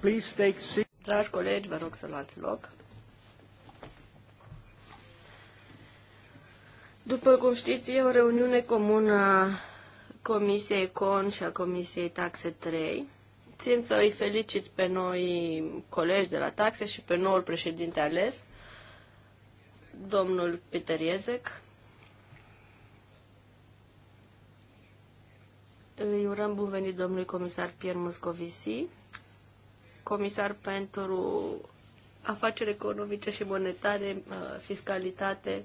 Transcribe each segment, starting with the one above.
please take seat. Dragi colegi, vă rog să luați loc. După cum știți, e o reuniune comună a Comisiei CON și a Comisiei Taxe 3. Țin să îi felicit pe noi colegi de la taxe și pe noul președinte ales, domnul Peter Iezec, Îi urăm bun venit domnului comisar Pierre Moscovici, comisar pentru afaceri economice și monetare, uh, fiscalitate,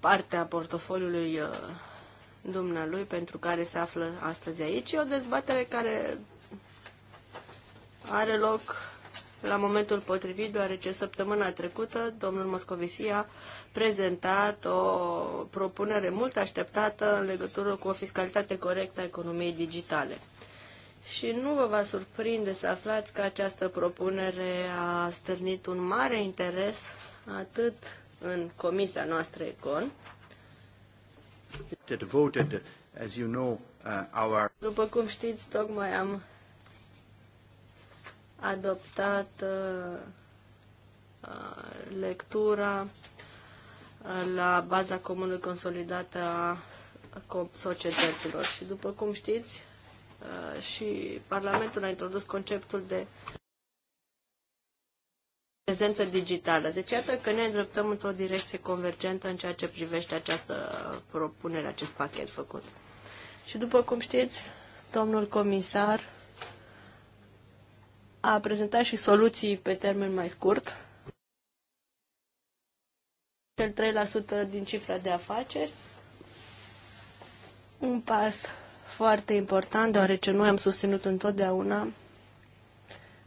partea portofoliului uh, dumnealui pentru care se află astăzi aici. E o dezbatere care are loc la momentul potrivit, deoarece săptămâna trecută domnul Moscovici a prezentat o propunere mult așteptată în legătură cu o fiscalitate corectă a economiei digitale. Și nu vă va surprinde să aflați că această propunere a stârnit un mare interes atât în comisia noastră ECON, uh, După cum știți, tocmai am adoptat uh, uh, lectura uh, la baza comună consolidată a societăților. Și după cum știți, și Parlamentul a introdus conceptul de prezență digitală. Deci iată că ne îndreptăm într-o direcție convergentă în ceea ce privește această propunere, acest pachet făcut. Și după cum știți, domnul comisar a prezenta și soluții pe termen mai scurt, cel 3% din cifra de afaceri, un pas foarte important, deoarece noi am susținut întotdeauna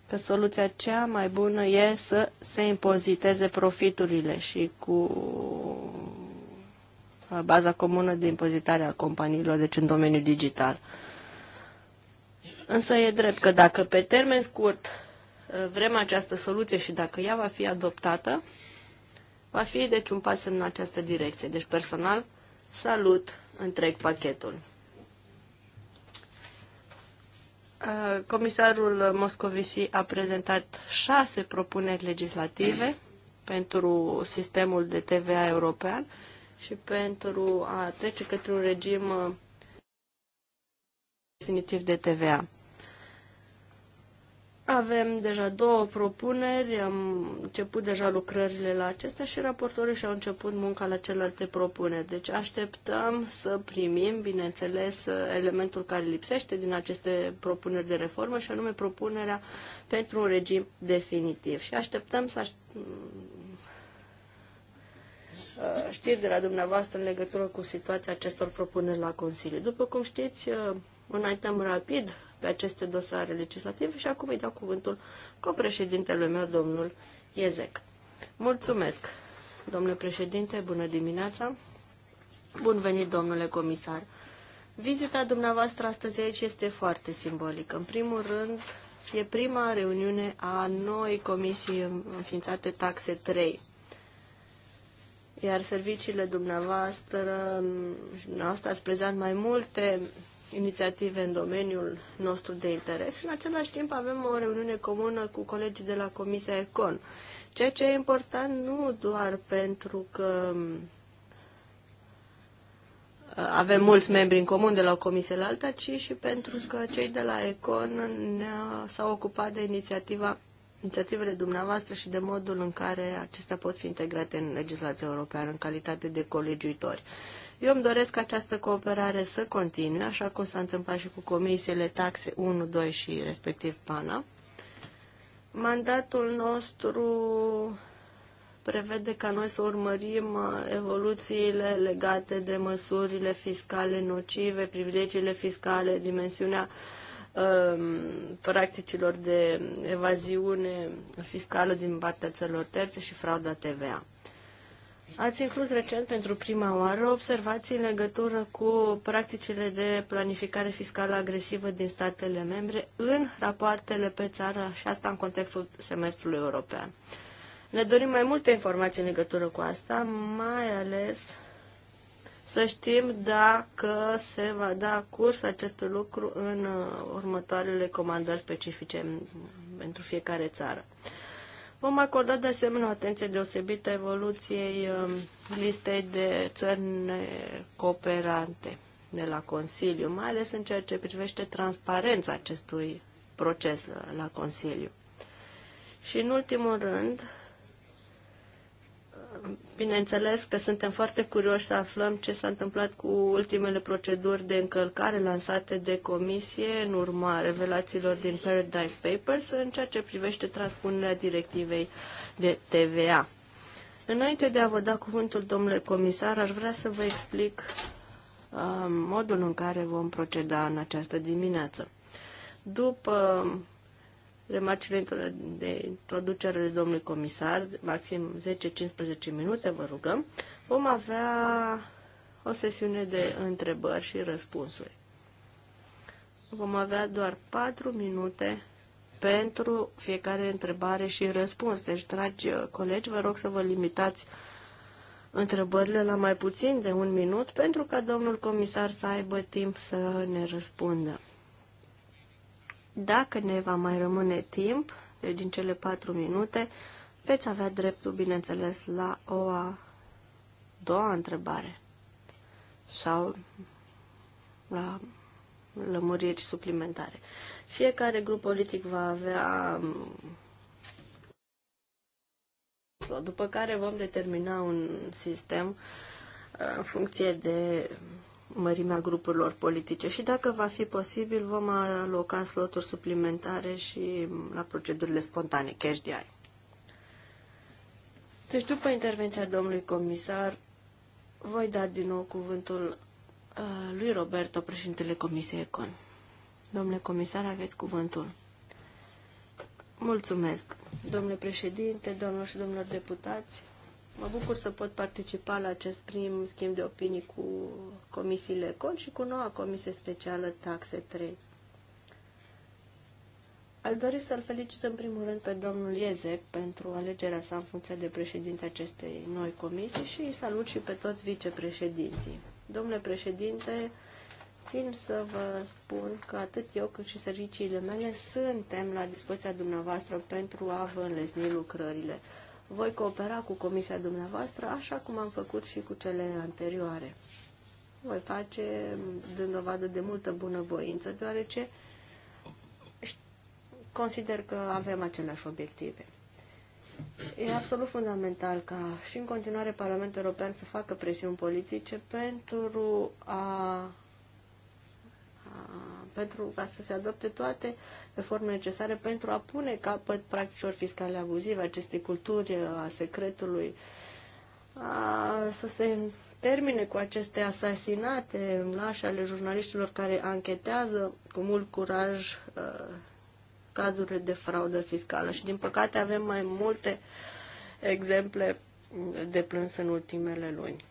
că soluția cea mai bună e să se impoziteze profiturile și cu uh, baza comună de impozitare a companiilor, deci în domeniul digital. Însă e drept că dacă pe termen scurt uh, vrem această soluție și dacă ea va fi adoptată, va fi deci un pas în această direcție. Deci personal salut întreg pachetul. Uh, comisarul Moscovici a prezentat șase propuneri legislative pentru sistemul de TVA european și pentru a trece către un regim uh, definitiv de TVA. Avem deja două propuneri, am început deja lucrările la acestea și raportorii și-au început munca la celelalte propuneri. Deci așteptăm să primim, bineînțeles, elementul care lipsește din aceste propuneri de reformă și anume propunerea pentru un regim definitiv. Și așteptăm să știri de la dumneavoastră în legătură cu situația acestor propuneri la Consiliu. După cum știți, un item rapid pe aceste dosare legislative și acum îi dau cuvântul copreședintelui meu, domnul Iezec. Mulțumesc, domnule președinte, bună dimineața, bun venit, domnule comisar. Vizita dumneavoastră astăzi aici este foarte simbolică. În primul rând, e prima reuniune a noi comisii înființate taxe 3. Iar serviciile dumneavoastră, dumneavoastră ați prezent mai multe inițiative în domeniul nostru de interes și în același timp avem o reuniune comună cu colegii de la Comisia Econ, ceea ce e important nu doar pentru că uh, avem mulți membri în comun de la o comisie la alta, ci și pentru că cei de la Econ s-au ocupat de inițiativa inițiativele dumneavoastră și de modul în care acestea pot fi integrate în legislația europeană în calitate de colegiuitori. Eu îmi doresc această cooperare să continue, așa cum s-a întâmplat și cu comisiile taxe 1, 2 și respectiv PANA. Mandatul nostru prevede ca noi să urmărim evoluțiile legate de măsurile fiscale nocive, privilegiile fiscale, dimensiunea um, practicilor de evaziune fiscală din partea țărilor terțe și frauda TVA. Ați inclus recent pentru prima oară observații în legătură cu practicile de planificare fiscală agresivă din statele membre în rapoartele pe țară și asta în contextul semestrului european. Ne dorim mai multe informații în legătură cu asta, mai ales să știm dacă se va da curs acest lucru în uh, următoarele comandări specifice mm, pentru fiecare țară. Vom acorda de asemenea o atenție deosebită evoluției um, listei de țări cooperante de la Consiliu, mai ales în ceea ce privește transparența acestui proces la Consiliu. Și în ultimul rând, bineînțeles că suntem foarte curioși să aflăm ce s-a întâmplat cu ultimele proceduri de încălcare lansate de comisie în urma revelațiilor din Paradise Papers în ceea ce privește transpunerea directivei de TVA. Înainte de a vă da cuvântul, domnule comisar, aș vrea să vă explic uh, modul în care vom proceda în această dimineață. După remarcile de introducere de domnului comisar, maxim 10-15 minute, vă rugăm. Vom avea o sesiune de întrebări și răspunsuri. Vom avea doar 4 minute pentru fiecare întrebare și răspuns. Deci, dragi colegi, vă rog să vă limitați întrebările la mai puțin de un minut pentru ca domnul comisar să aibă timp să ne răspundă. Dacă ne va mai rămâne timp, deci din cele patru minute, veți avea dreptul, bineînțeles, la o a doua întrebare sau la lămuriri suplimentare. Fiecare grup politic va avea um, după care vom determina un sistem uh, în funcție de mărimea grupurilor politice și dacă va fi posibil vom aloca sloturi suplimentare și la procedurile spontane, cash de ai. Deci după intervenția domnului comisar voi da din nou cuvântul uh, lui Roberto, președintele Comisiei Econ. Domnule comisar, aveți cuvântul. Mulțumesc, domnule președinte, domnilor și domnilor deputați. Mă bucur să pot participa la acest prim schimb de opinii cu comisiile CON și cu noua comisie specială Taxe 3. Aș dori să-l felicit în primul rând pe domnul Iezec pentru alegerea sa în funcție de președinte acestei noi comisii și îi salut și pe toți vicepreședinții. Domnule președinte, țin să vă spun că atât eu cât și serviciile mele suntem la dispoziția dumneavoastră pentru a vă înlesni lucrările. Voi coopera cu comisia dumneavoastră, așa cum am făcut și cu cele anterioare. Voi face dând dovadă de multă bunăvoință, deoarece consider că avem aceleași obiective. E absolut fundamental ca și în continuare Parlamentul European să facă presiuni politice pentru a pentru ca să se adopte toate reformele necesare pentru a pune capăt practicilor fiscale abuzive, acestei culturi uh, a secretului, a, să se termine cu aceste asasinate lași ale jurnaliștilor care anchetează cu mult curaj a, uh, cazurile de fraudă fiscală. Și din păcate avem mai multe exemple de plâns în ultimele luni.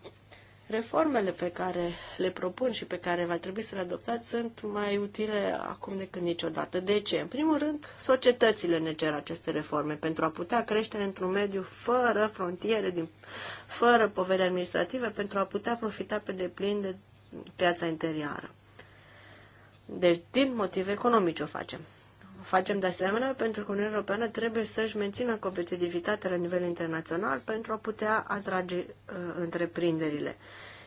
Reformele pe care le propun și pe care va trebui să le adoptați sunt mai utile acum decât niciodată. De ce? În primul rând, societățile ne cer aceste reforme pentru a putea crește într-un mediu fără frontiere, din, fără povere administrative, pentru a putea profita pe deplin de piața interioară. Deci, din motive economice o facem facem de asemenea pentru că Uniunea Europeană trebuie să-și mențină competitivitatea la nivel internațional pentru a putea atrage uh, întreprinderile.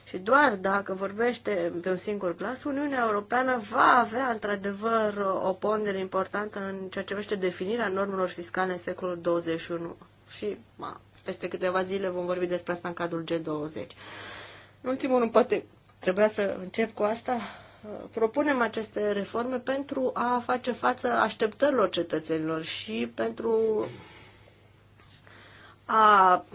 Și doar dacă vorbește pe un singur glas, Uniunea Europeană va avea într-adevăr o pondere importantă în ceea ce vește definirea normelor fiscale în secolul 21. Și ma, peste câteva zile vom vorbi despre asta în cadrul G20. În ultimul rând, poate trebuia să încep cu asta, propunem aceste reforme pentru a face față așteptărilor cetățenilor și pentru a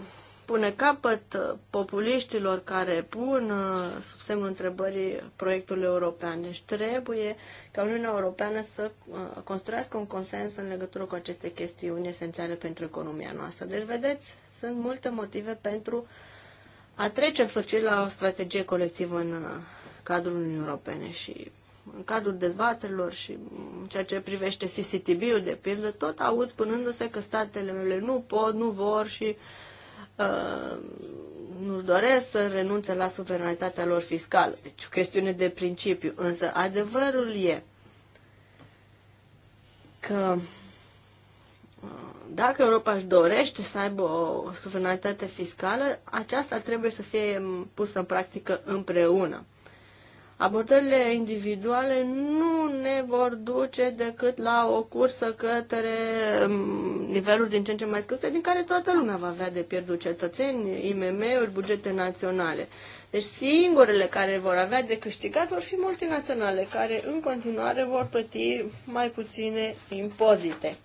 pune capăt populiștilor care pun uh, sub semnul întrebării proiectul european. Deci trebuie ca Uniunea Europeană să uh, construiască un consens în legătură cu aceste chestiuni esențiale pentru economia noastră. Deci, vedeți, sunt multe motive pentru a trece în sfârșit la o strategie colectivă în uh, cadrul Uniunii Europene și în cadrul dezbaterilor și în ceea ce privește CCTB-ul, de pildă, tot aud spunându-se că statele mele nu pot, nu vor și uh, nu-și doresc să renunțe la suveranitatea lor fiscală. Deci o chestiune de principiu. Însă adevărul e că uh, dacă Europa își dorește să aibă o suveranitate fiscală, aceasta trebuie să fie pusă în practică împreună. Abordările individuale nu ne vor duce decât la o cursă către mm, niveluri din ce în ce mai scăzute, din care toată lumea va avea de pierdut cetățeni, IMM-uri, bugete naționale. Deci singurele care vor avea de câștigat vor fi multinaționale, care în continuare vor plăti mai puține impozite.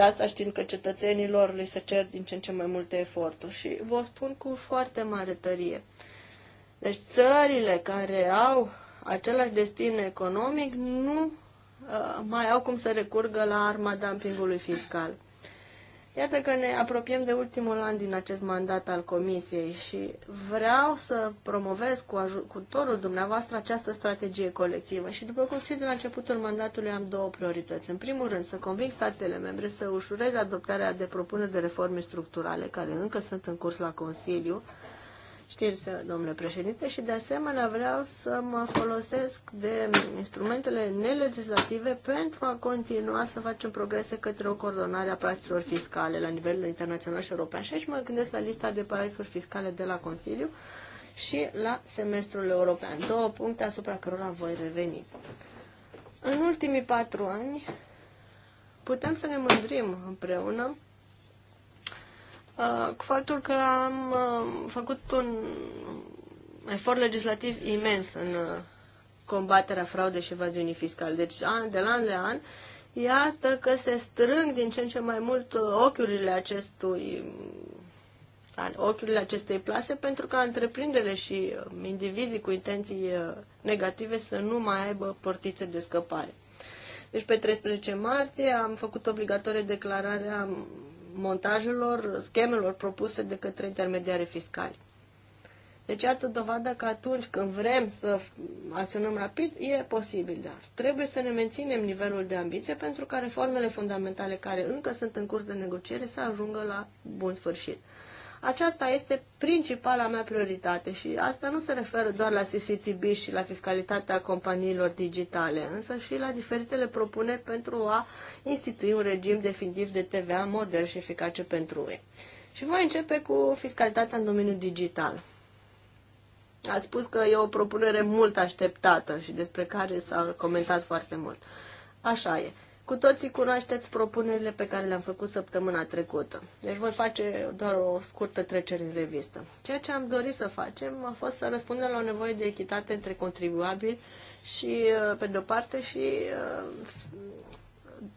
Și asta știind că cetățenilor li se cer din ce în ce mai multe eforturi. Și vă spun cu foarte mare tărie. Deci țările care au același destin economic nu uh, mai au cum să recurgă la arma dumpingului fiscal. Iată că ne apropiem de ultimul an din acest mandat al Comisiei și vreau să promovez cu ajutorul dumneavoastră această strategie colectivă. Și după cum știți, de la începutul mandatului am două priorități. În primul rând, să conving statele membre să ușureze adoptarea de propuneri de reforme structurale care încă sunt în curs la Consiliu, știri, domnule președinte, și de asemenea vreau să mă folosesc de instrumentele nelegislative pentru a continua să facem progrese către o coordonare a practicilor fiscale la nivel internațional și european. Și aici mă gândesc la lista de paradisuri fiscale de la Consiliu și la semestrul european. Două puncte asupra cărora voi reveni. În ultimii patru ani putem să ne mândrim împreună Uh, cu faptul că am uh, făcut un efort legislativ imens în uh, combaterea fraudei și evaziunii fiscale. Deci, an, de la an de an, iată că se strâng din ce în ce mai mult ochiurile acestui ochiurile acestei plase pentru ca întreprinderile și indivizii cu intenții negative să nu mai aibă portițe de scăpare. Deci pe 13 martie am făcut obligatorie declararea montajelor, schemelor propuse de către intermediare fiscali. Deci, iată dovada că atunci când vrem să acționăm rapid, e posibil, dar trebuie să ne menținem nivelul de ambiție pentru ca reformele fundamentale care încă sunt în curs de negociere să ajungă la bun sfârșit. Aceasta este principala mea prioritate și asta nu se referă doar la CCTB și la fiscalitatea companiilor digitale, însă și la diferitele propuneri pentru a institui un regim definitiv de TVA modern și eficace pentru ei. Și voi începe cu fiscalitatea în domeniul digital. Ați spus că e o propunere mult așteptată și despre care s-a comentat foarte mult. Așa e. Cu toții cunoașteți propunerile pe care le-am făcut săptămâna trecută. Deci voi face doar o scurtă trecere în revistă. Ceea ce am dorit să facem a fost să răspundem la o nevoie de echitate între contribuabili și, uh, pe de-o parte, și uh,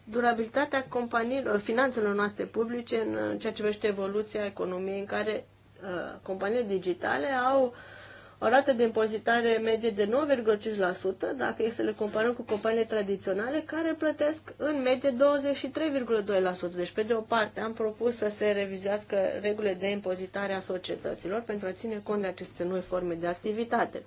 durabilitatea companiilor, finanțelor noastre publice în uh, ceea ce privește evoluția economiei în care companiile digitale au uh, o rată de impozitare medie de 9,5% dacă e să le comparăm cu companiile tradiționale care plătesc în medie 23,2%. Deci, pe de o parte, am propus să se revizească regulile de impozitare a societăților pentru a ține cont de aceste noi forme de activitate.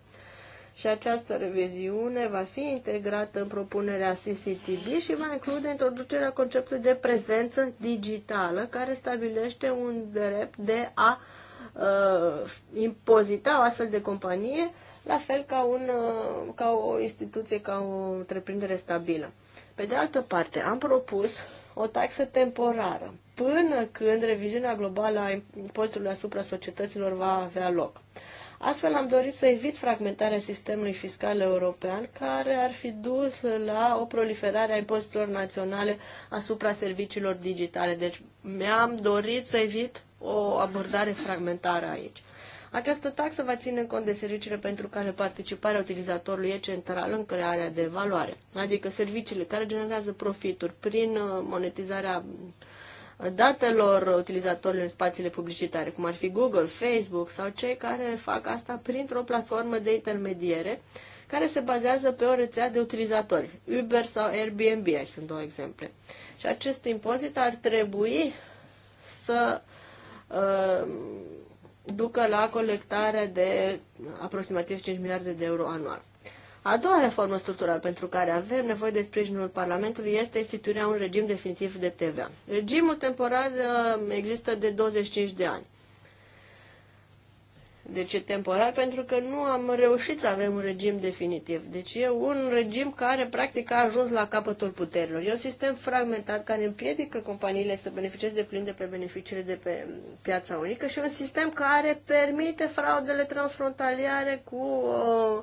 Și această reviziune va fi integrată în propunerea CCTB și va include introducerea conceptului de prezență digitală care stabilește un drept de a uh, uh, impozita o astfel de companie, la fel ca, un, uh, ca o instituție, ca o întreprindere stabilă. Pe de altă parte, am propus o taxă temporară până când reviziunea globală a impozitului asupra societăților va avea loc. Astfel am dorit să evit fragmentarea sistemului fiscal european, care ar fi dus la o proliferare a impozitelor naționale asupra serviciilor digitale. Deci mi-am dorit să evit o abordare fragmentară aici. Această taxă va ține cont de serviciile pentru care participarea utilizatorului e centrală în crearea de valoare, adică serviciile care generează profituri prin uh, monetizarea uh, datelor utilizatorilor în spațiile publicitare, cum ar fi Google, Facebook sau cei care fac asta printr-o platformă de intermediere care se bazează pe o rețea de utilizatori. Uber sau Airbnb sunt două exemple. Și acest impozit ar trebui să Uh, ducă la colectare de aproximativ 5 miliarde de euro anual. A doua reformă structurală pentru care avem nevoie de sprijinul Parlamentului este instituirea unui regim definitiv de TVA. Regimul temporar uh, există de 25 de ani. De deci ce temporar? Pentru că nu am reușit să avem un regim definitiv. Deci e un regim care practic a ajuns la capătul puterilor. E un sistem fragmentat care împiedică companiile să beneficieze de plin de pe beneficiile de pe piața unică și un sistem care permite fraudele transfrontaliere cu o, uh,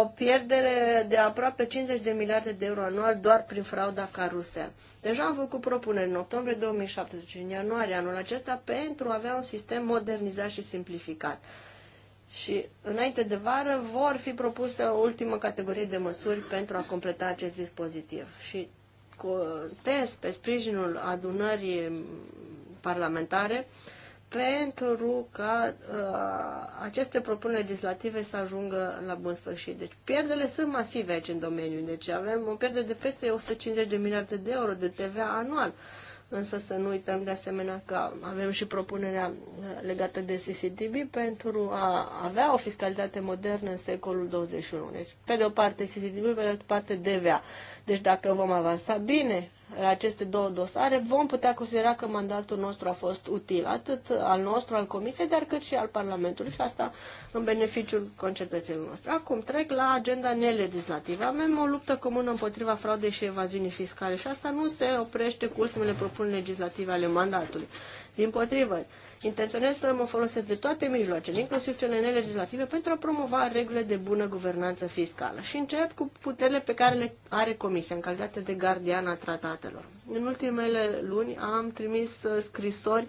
o pierdere de aproape 50 de miliarde de euro anual doar prin frauda carusel. Deja am făcut propuneri în octombrie 2017 în ianuarie anul acesta pentru a avea un sistem modernizat și simplificat. Și înainte de vară vor fi propuse o ultimă categorie de măsuri pentru a completa acest dispozitiv. Și contez pe sprijinul adunării parlamentare uh, pentru ca uh, aceste propuneri legislative să ajungă la bun sfârșit. Deci pierderile sunt masive aici în domeniu. Deci avem o pierdere de peste 150 de miliarde de euro de TVA anual. Însă să nu uităm de asemenea că avem și propunerea uh, legată de CCTV pentru a avea o fiscalitate modernă în secolul 21. Deci, pe de o parte CCTV, pe de altă parte DVA. Deci dacă vom avansa bine aceste două dosare, vom putea considera că mandatul nostru a fost util, atât al nostru, al Comisiei, dar cât și al Parlamentului și asta în beneficiul concetățenilor noastre. Acum trec la agenda nelegislativă. Avem o luptă comună împotriva fraudei și evaziunii fiscale și asta nu se oprește cu ultimele propuneri legislative ale mandatului. Din potrivă, intenționez să mă folosesc de toate mijloacele, inclusiv cele nelegislative, pentru a promova regulile de bună guvernanță fiscală și încep cu puterile pe care le are Comisia în calitate de gardian a tratatelor. În ultimele luni am trimis uh, scrisori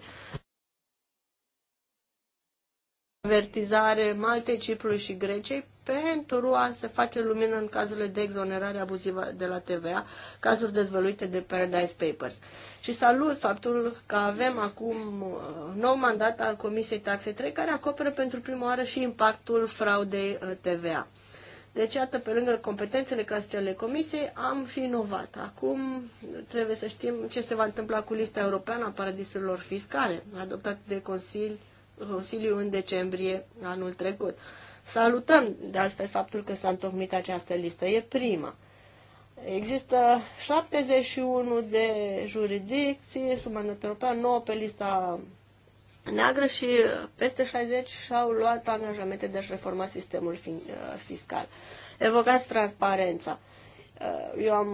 avertizare Maltei, Ciprului și Greciei pentru a se face lumină în cazurile de exonerare abuzivă de la TVA, cazuri dezvăluite de Paradise Papers. Și salut faptul că avem acum uh, nou mandat al Comisiei Taxe 3, care acoperă pentru prima oară și impactul fraudei uh, TVA. Deci, iată, pe lângă competențele clasice ale Comisiei, am și inovat. Acum trebuie să știm ce se va întâmpla cu lista europeană a paradisurilor fiscale, adoptată de Consiliu, Consiliu în decembrie anul trecut. Salutăm, de altfel, faptul că s-a întocmit această listă. E prima. Există 71 de jurisdicții sub mandat 9 pe lista neagră și peste 60 și-au luat angajamente de a-și reforma sistemul fiscal. Evocați transparența. Eu am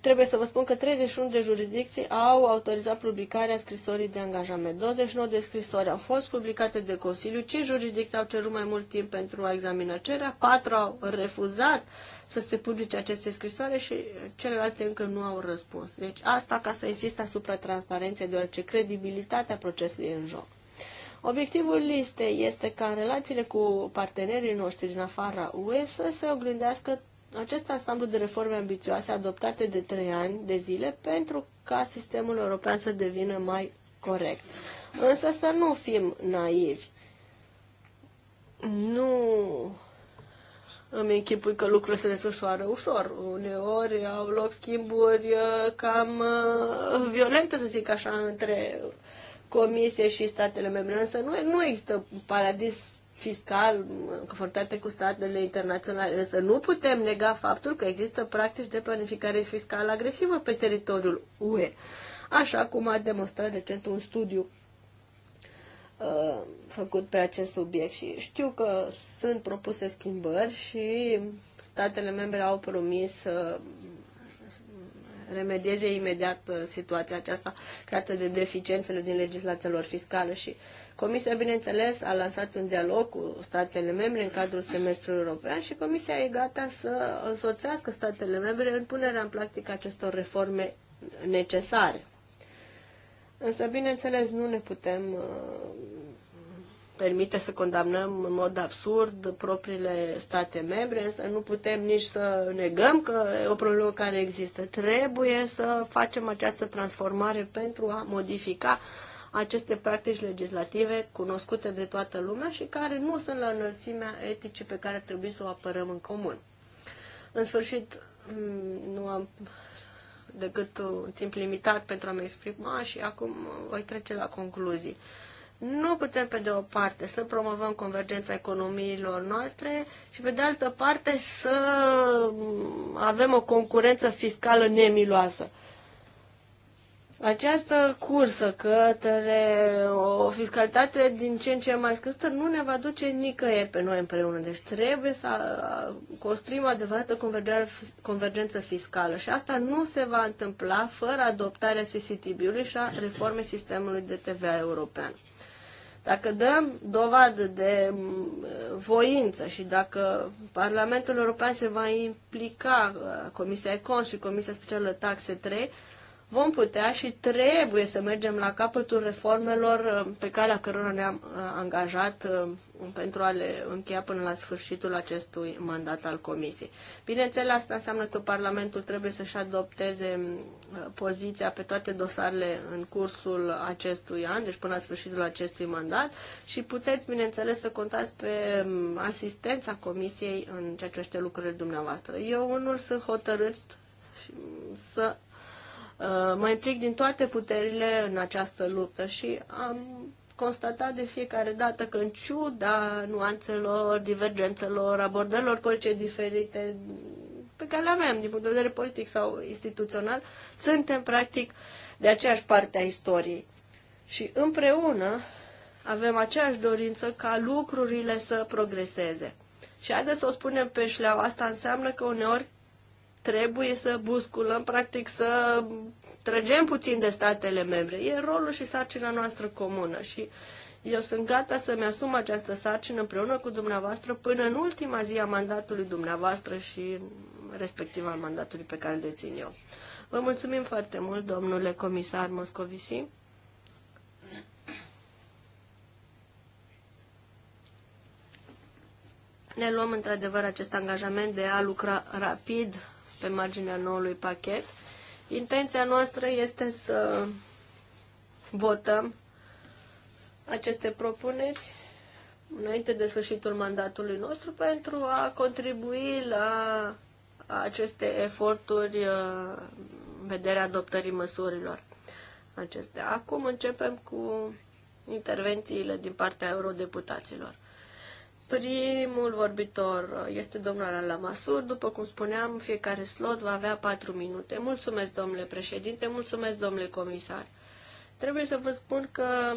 trebuie să vă spun că 31 de jurisdicții au autorizat publicarea scrisorii de angajament. 29 de scrisori au fost publicate de Consiliu, 5 jurisdicții au cerut mai mult timp pentru a examina cererea, 4 au refuzat să se publice aceste scrisoare și celelalte încă nu au răspuns. Deci asta ca să insist asupra transparenței, deoarece credibilitatea procesului e în joc. Obiectivul listei este ca în relațiile cu partenerii noștri din afara UE să se oglindească acest ansamblu de reforme ambițioase adoptate de trei ani de zile pentru ca sistemul european să devină mai corect. Însă să nu fim naivi. Nu îmi închipui că lucrurile se desfășoară ușor. Uneori au loc schimburi uh, cam uh, violente, să zic așa, între comisie și statele membre. Însă nu, nu există un paradis fiscal confortate cu statele internaționale. Însă nu putem nega faptul că există practici de planificare fiscală agresivă pe teritoriul UE, așa cum a demonstrat recent un studiu uh, făcut pe acest subiect și știu că sunt propuse schimbări și statele membre au promis să remedieze imediat uh, situația aceasta creată de deficiențele din legislația lor fiscală și Comisia, bineînțeles, a lansat un dialog cu statele membre în cadrul semestrului european și Comisia e gata să însoțească statele membre în punerea în practică acestor reforme necesare. Însă, bineînțeles, nu ne putem uh, permite să condamnăm în mod absurd propriile state membre, însă nu putem nici să negăm că e o problemă care există. Trebuie să facem această transformare pentru a modifica uh, aceste practici legislative cunoscute de toată lumea și care nu sunt la înălțimea eticii pe care trebuie să o apărăm în comun. În sfârșit, mm, nu am decât un timp limitat pentru a-mi exprima și acum voi trece la concluzii. Nu putem, pe de o parte, să promovăm convergența economiilor noastre și, pe de altă parte, să avem o concurență fiscală nemiloasă. Această cursă către o fiscalitate din ce în ce mai scăzută nu ne va duce nicăieri pe noi împreună. Deci trebuie să construim o adevărată convergență fiscală și asta nu se va întâmpla fără adoptarea CCTB-ului și a reformei sistemului de TVA european. Dacă dăm dovadă de voință și dacă Parlamentul European se va implica, uh, Comisia Econ și Comisia Specială Taxe 3, vom putea și trebuie să mergem la capătul reformelor uh, pe calea cărora ne-am uh, angajat uh, um, pentru a le încheia până la sfârșitul acestui mandat al Comisiei. Bineînțeles, asta înseamnă că Parlamentul trebuie să-și adopteze um, poziția pe toate dosarele în cursul acestui an, deci până la sfârșitul acestui mandat și puteți, bineînțeles, să contați pe um, asistența Comisiei în ceea ce este lucrurile dumneavoastră. Eu unul sunt hotărât să Uh, mă implic din toate puterile în această luptă și am constatat de fiecare dată că în ciuda nuanțelor, divergențelor, abordărilor orice diferite pe care le avem din punct de vedere politic sau instituțional, suntem practic de aceeași parte a istoriei. Și împreună avem aceeași dorință ca lucrurile să progreseze. Și haideți să o spunem pe șleau, asta înseamnă că uneori trebuie să busculăm, practic să trăgem puțin de statele membre. E rolul și sarcina noastră comună și eu sunt gata să-mi asum această sarcină împreună cu dumneavoastră până în ultima zi a mandatului dumneavoastră și respectiv al mandatului pe care îl dețin eu. Vă mulțumim foarte mult, domnule comisar Moscovici. Ne luăm într-adevăr acest angajament de a lucra rapid pe marginea noului pachet. Intenția noastră este să votăm aceste propuneri înainte de sfârșitul mandatului nostru pentru a contribui la aceste eforturi uh, în vederea adoptării măsurilor acestea. Acum începem cu intervențiile din partea eurodeputaților. Primul vorbitor este domnul Alan Lamasur. După cum spuneam, fiecare slot va avea patru minute. Mulțumesc, domnule președinte, mulțumesc, domnule comisar. Trebuie să vă spun că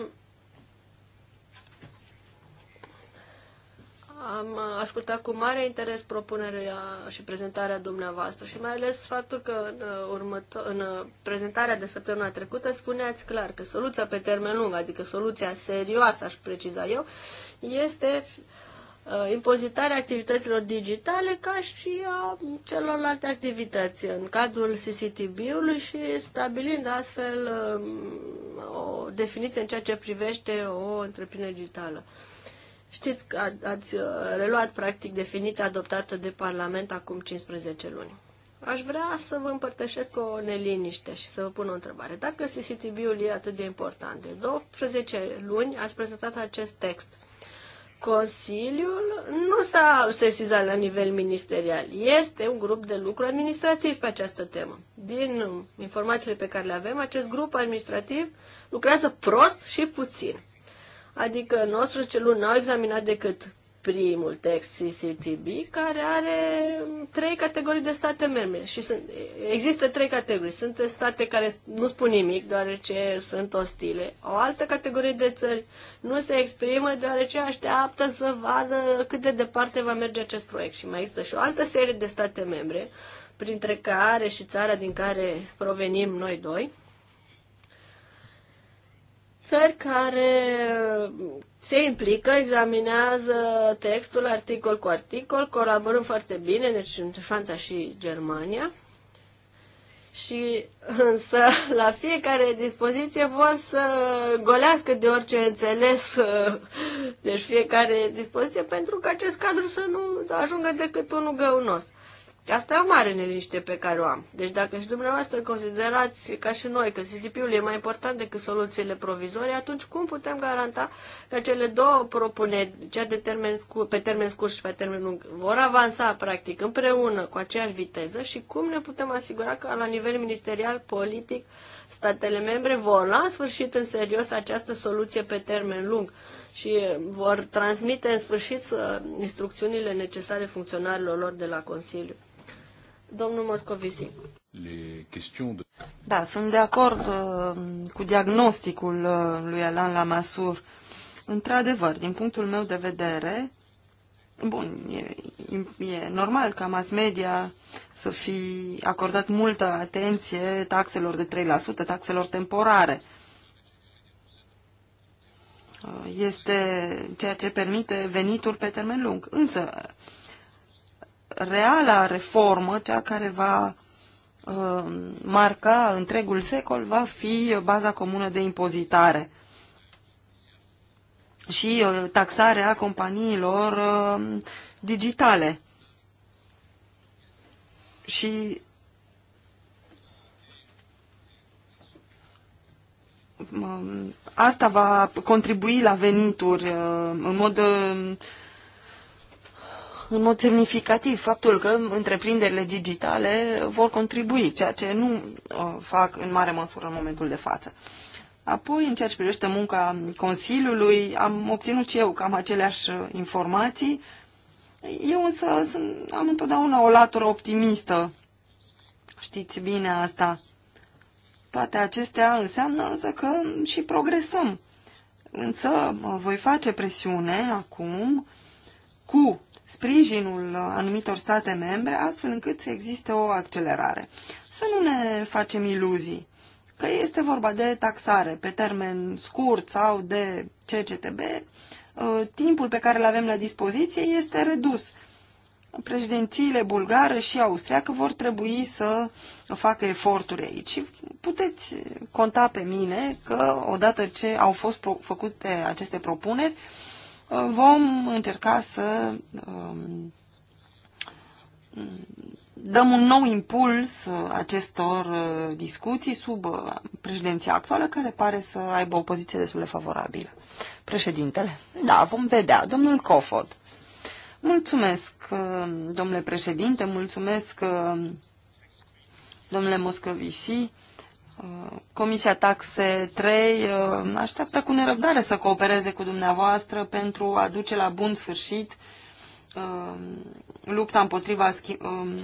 Am ascultat cu mare interes propunerea și prezentarea dumneavoastră și mai ales faptul că în, următo- în prezentarea de săptămâna trecută spuneați clar că soluția pe termen lung, adică soluția serioasă, aș preciza eu, este Uh, impozitarea activităților digitale ca și a celorlalte activități în cadrul CCTB-ului și stabilind astfel um, o definiție în ceea ce privește o întreprindere digitală. Știți că ați uh, reluat practic definiția adoptată de Parlament acum 15 luni. Aș vrea să vă împărtășesc o neliniște și să vă pun o întrebare. Dacă CCTB-ul e atât de important, de 12 luni ați prezentat acest text – Consiliul nu s-a sesizat la nivel ministerial. Este un grup de lucru administrativ pe această temă. Din informațiile pe care le avem, acest grup administrativ lucrează prost și puțin. Adică nostru celul nu n-au examinat decât primul text CCTB, care are trei categorii de state membre. Și sunt, există trei categorii. Sunt state care nu spun nimic, deoarece sunt ostile. O altă categorie de țări nu se exprimă, deoarece așteaptă să vadă cât de departe va merge acest proiect. Și mai există și o altă serie de state membre, printre care și țara din care provenim noi doi, țări care se implică, examinează textul articol cu articol, colaborăm foarte bine, deci între Franța și Germania. Și însă la fiecare dispoziție vor să golească de orice înțeles, deci fiecare dispoziție, pentru că acest cadru să nu ajungă decât unul găunos. Asta e o mare neliniște pe care o am. Deci dacă și dumneavoastră considerați ca și noi că CDP-ul e mai important decât soluțiile provizorii, atunci cum putem garanta că cele două propuneri, cea de termen scur, pe termen scurt și pe termen lung, vor avansa practic împreună cu aceeași viteză și cum ne putem asigura că la nivel ministerial, politic, statele membre vor la în sfârșit în serios această soluție pe termen lung și vor transmite în sfârșit uh, instrucțiunile necesare funcționarilor lor de la Consiliu. Domnul Moscovici. Da, sunt de acord uh, cu diagnosticul uh, lui Alan Lamassur. Într-adevăr, din punctul meu de vedere, bun, e, e normal ca mass media să fi acordat multă atenție taxelor de 3%, taxelor temporare. Uh, este ceea ce permite venituri pe termen lung. Însă, reala reformă, cea care va uh, marca întregul secol, va fi baza comună de impozitare și uh, taxarea companiilor uh, digitale. Și um, asta va contribui la venituri în mod în mod semnificativ faptul că întreprinderile digitale vor contribui, ceea ce nu uh, fac în mare măsură în momentul de față. Apoi, în ceea ce privește munca Consiliului, am obținut și eu cam aceleași uh, informații. Eu însă sunt, am întotdeauna o latură optimistă. Știți bine asta. Toate acestea înseamnă însă că și progresăm. Însă voi face presiune acum cu sprijinul anumitor state membre, astfel încât să existe o accelerare. Să nu ne facem iluzii că este vorba de taxare pe termen scurt sau de CCTB, uh, timpul pe care îl avem la dispoziție este redus. Președințiile bulgară și austriacă vor trebui să facă eforturi aici și puteți conta pe mine că odată ce au fost făcute aceste propuneri, vom încerca să um, dăm un nou impuls acestor uh, discuții sub uh, președinția actuală, care pare să aibă o poziție destul de favorabilă. Președintele? Da, vom vedea. Domnul Cofod. Mulțumesc, uh, domnule președinte, mulțumesc, domnule Moscovici Uh, Comisia Taxe 3 uh, așteaptă cu nerăbdare să coopereze cu dumneavoastră pentru a duce la bun sfârșit uh, lupta împotriva um,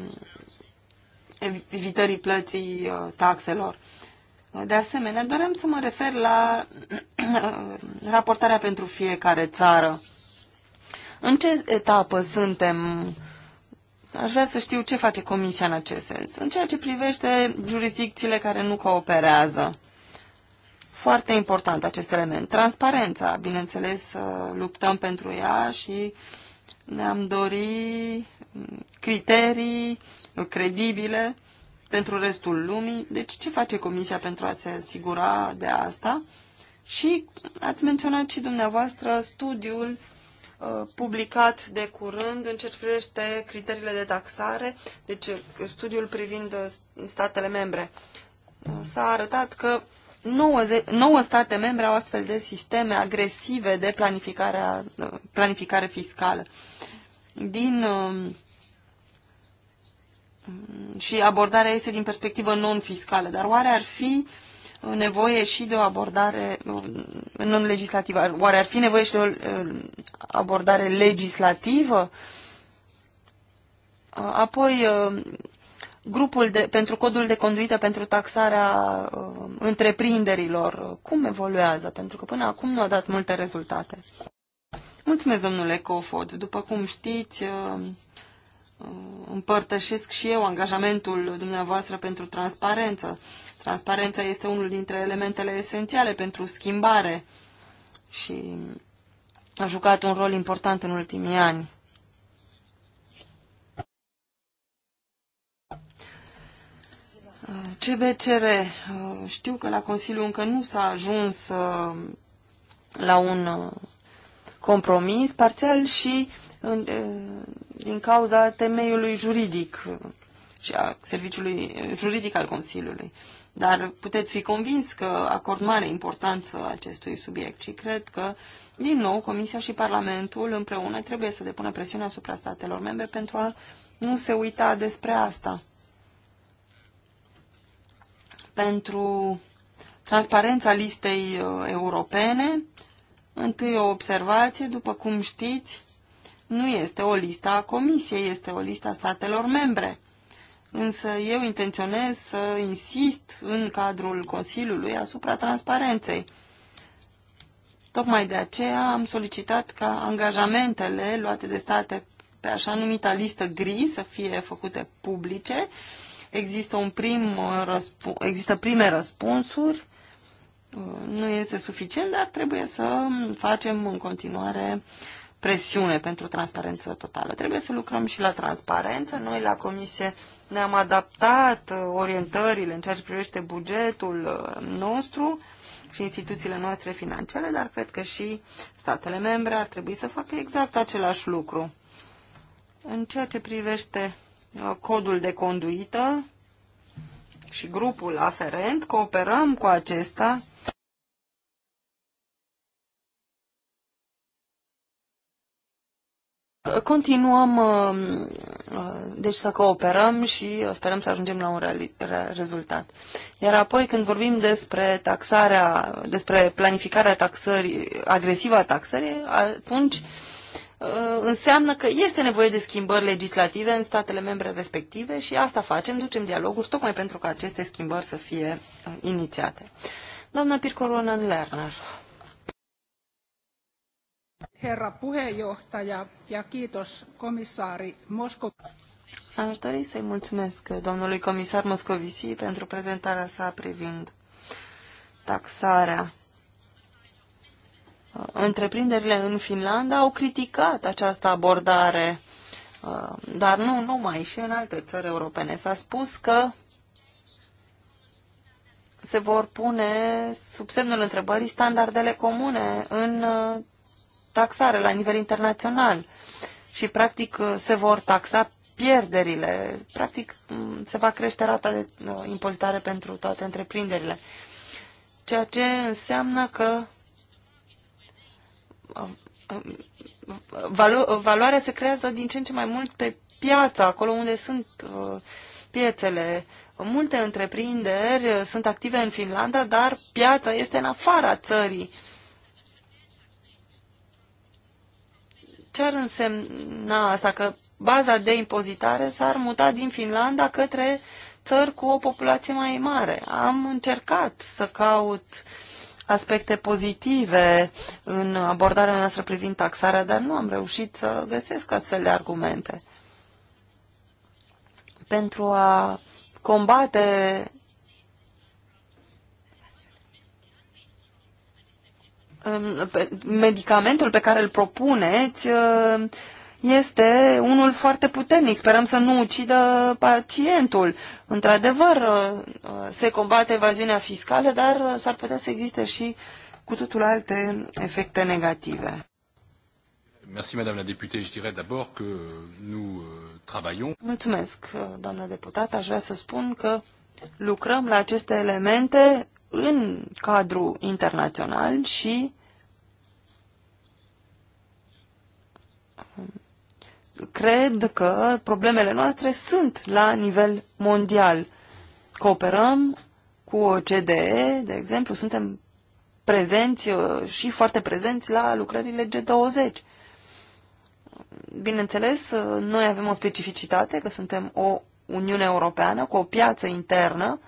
evitării plății taxelor. De asemenea, doream să mă refer la raportarea pentru fiecare țară. În ce etapă suntem Aș vrea să știu ce face Comisia în acest sens. În ceea ce privește jurisdicțiile care nu cooperează, foarte important acest element. Transparența, bineînțeles, uh, luptăm pentru ea și ne-am dori criterii credibile pentru restul lumii. Deci ce face Comisia pentru a se asigura de asta? Și ați menționat și dumneavoastră studiul Uh, publicat de curând în ceea ce privește criteriile de taxare, deci uh, studiul privind uh, statele membre. S-a arătat că 9 state membre au astfel de sisteme agresive de planificare, planificare fiscală. Din mm, și abordarea este din perspectivă non-fiscală, dar oare ar fi uh, nevoie și de o abordare non-legislativă. Oare ar fi nevoie și de o abordare legislativă? Apoi, grupul de, pentru codul de conduită pentru taxarea întreprinderilor, cum evoluează? Pentru că până acum nu a dat multe rezultate. Mulțumesc, domnule Cofod. După cum știți, împărtășesc și eu angajamentul dumneavoastră pentru transparență. Transparența este unul dintre elementele esențiale pentru schimbare și a jucat un rol important în ultimii ani. CBCR, știu că la Consiliu încă nu s-a ajuns uh, la un uh, compromis parțial și uh, în, din cauza temeiului juridic și a serviciului juridic al Consiliului. Dar puteți fi convins că acord mare importanță acestui subiect și cred că, din nou, Comisia și Parlamentul împreună trebuie să depună presiune asupra statelor membre pentru a nu se uita despre asta. Pentru transparența listei europene, întâi o observație, după cum știți, nu este o listă a Comisiei, este o listă a statelor membre. Însă eu intenționez să insist în cadrul Consiliului asupra transparenței. Tocmai de aceea am solicitat ca angajamentele luate de state pe așa numita listă gri să fie făcute publice. Există, un prim uh, există prime răspunsuri. Uh, nu este suficient, dar trebuie să facem în continuare uh, presiune pentru transparență totală. Trebuie să lucrăm și la transparență. Noi la comisie ne-am adaptat uh, orientările în ceea ce privește bugetul uh, nostru și instituțiile noastre financiare, dar cred că și statele membre ar trebui să facă exact același lucru. În ceea ce privește uh, codul de conduită și grupul aferent, cooperăm cu acesta continuăm uh, uh, deci să cooperăm și sperăm să ajungem la un rezultat. Iar apoi când vorbim despre taxarea, despre planificarea taxării, agresivă a taxării, atunci uh, înseamnă că este nevoie de schimbări legislative în statele membre respective și asta facem, ducem dialoguri tocmai pentru ca aceste schimbări să fie inițiate. Doamna Pircoronan Lerner herra Aș dori să-i mulțumesc domnului comisar Moscovici pentru prezentarea sa privind taxarea. Întreprinderile în Finlanda au criticat această abordare, dar nu numai, și în alte țări europene. S-a spus că se vor pune sub semnul întrebării standardele comune în taxare la nivel internațional și, practic, se vor taxa pierderile. Practic, se va crește rata de uh, impozitare pentru toate întreprinderile. Ceea ce înseamnă că uh, uh, valo valoarea se creează din ce în ce mai mult pe piața, acolo unde sunt piețele. Multe întreprinderi sunt active în Finlanda, dar piața este în afara țării ce ar însemna asta? Că baza de impozitare s-ar muta din Finlanda către țări cu o populație mai mare. Am încercat să caut aspecte pozitive în abordarea noastră privind taxarea, dar nu am reușit să găsesc astfel de argumente. Pentru a combate medicamentul pe care îl propuneți ă, este unul foarte puternic. Sperăm să nu ucidă pacientul. Într-adevăr, ă, ă, se combate evaziunea fiscală, dar s-ar putea să existe și cu totul alte efecte negative. Merci, Madame la députée. Je dirais d'abord que nous travaillons. Mulțumesc, doamnă deputată. Aș vrea să spun că lucrăm la aceste elemente în cadru internațional și um, cred că problemele noastre sunt la nivel mondial. Cooperăm cu OCDE, de exemplu, suntem prezenți uh, și foarte prezenți la lucrările G20. Bineînțeles, uh, noi avem o specificitate, că suntem o Uniune Europeană cu o piață internă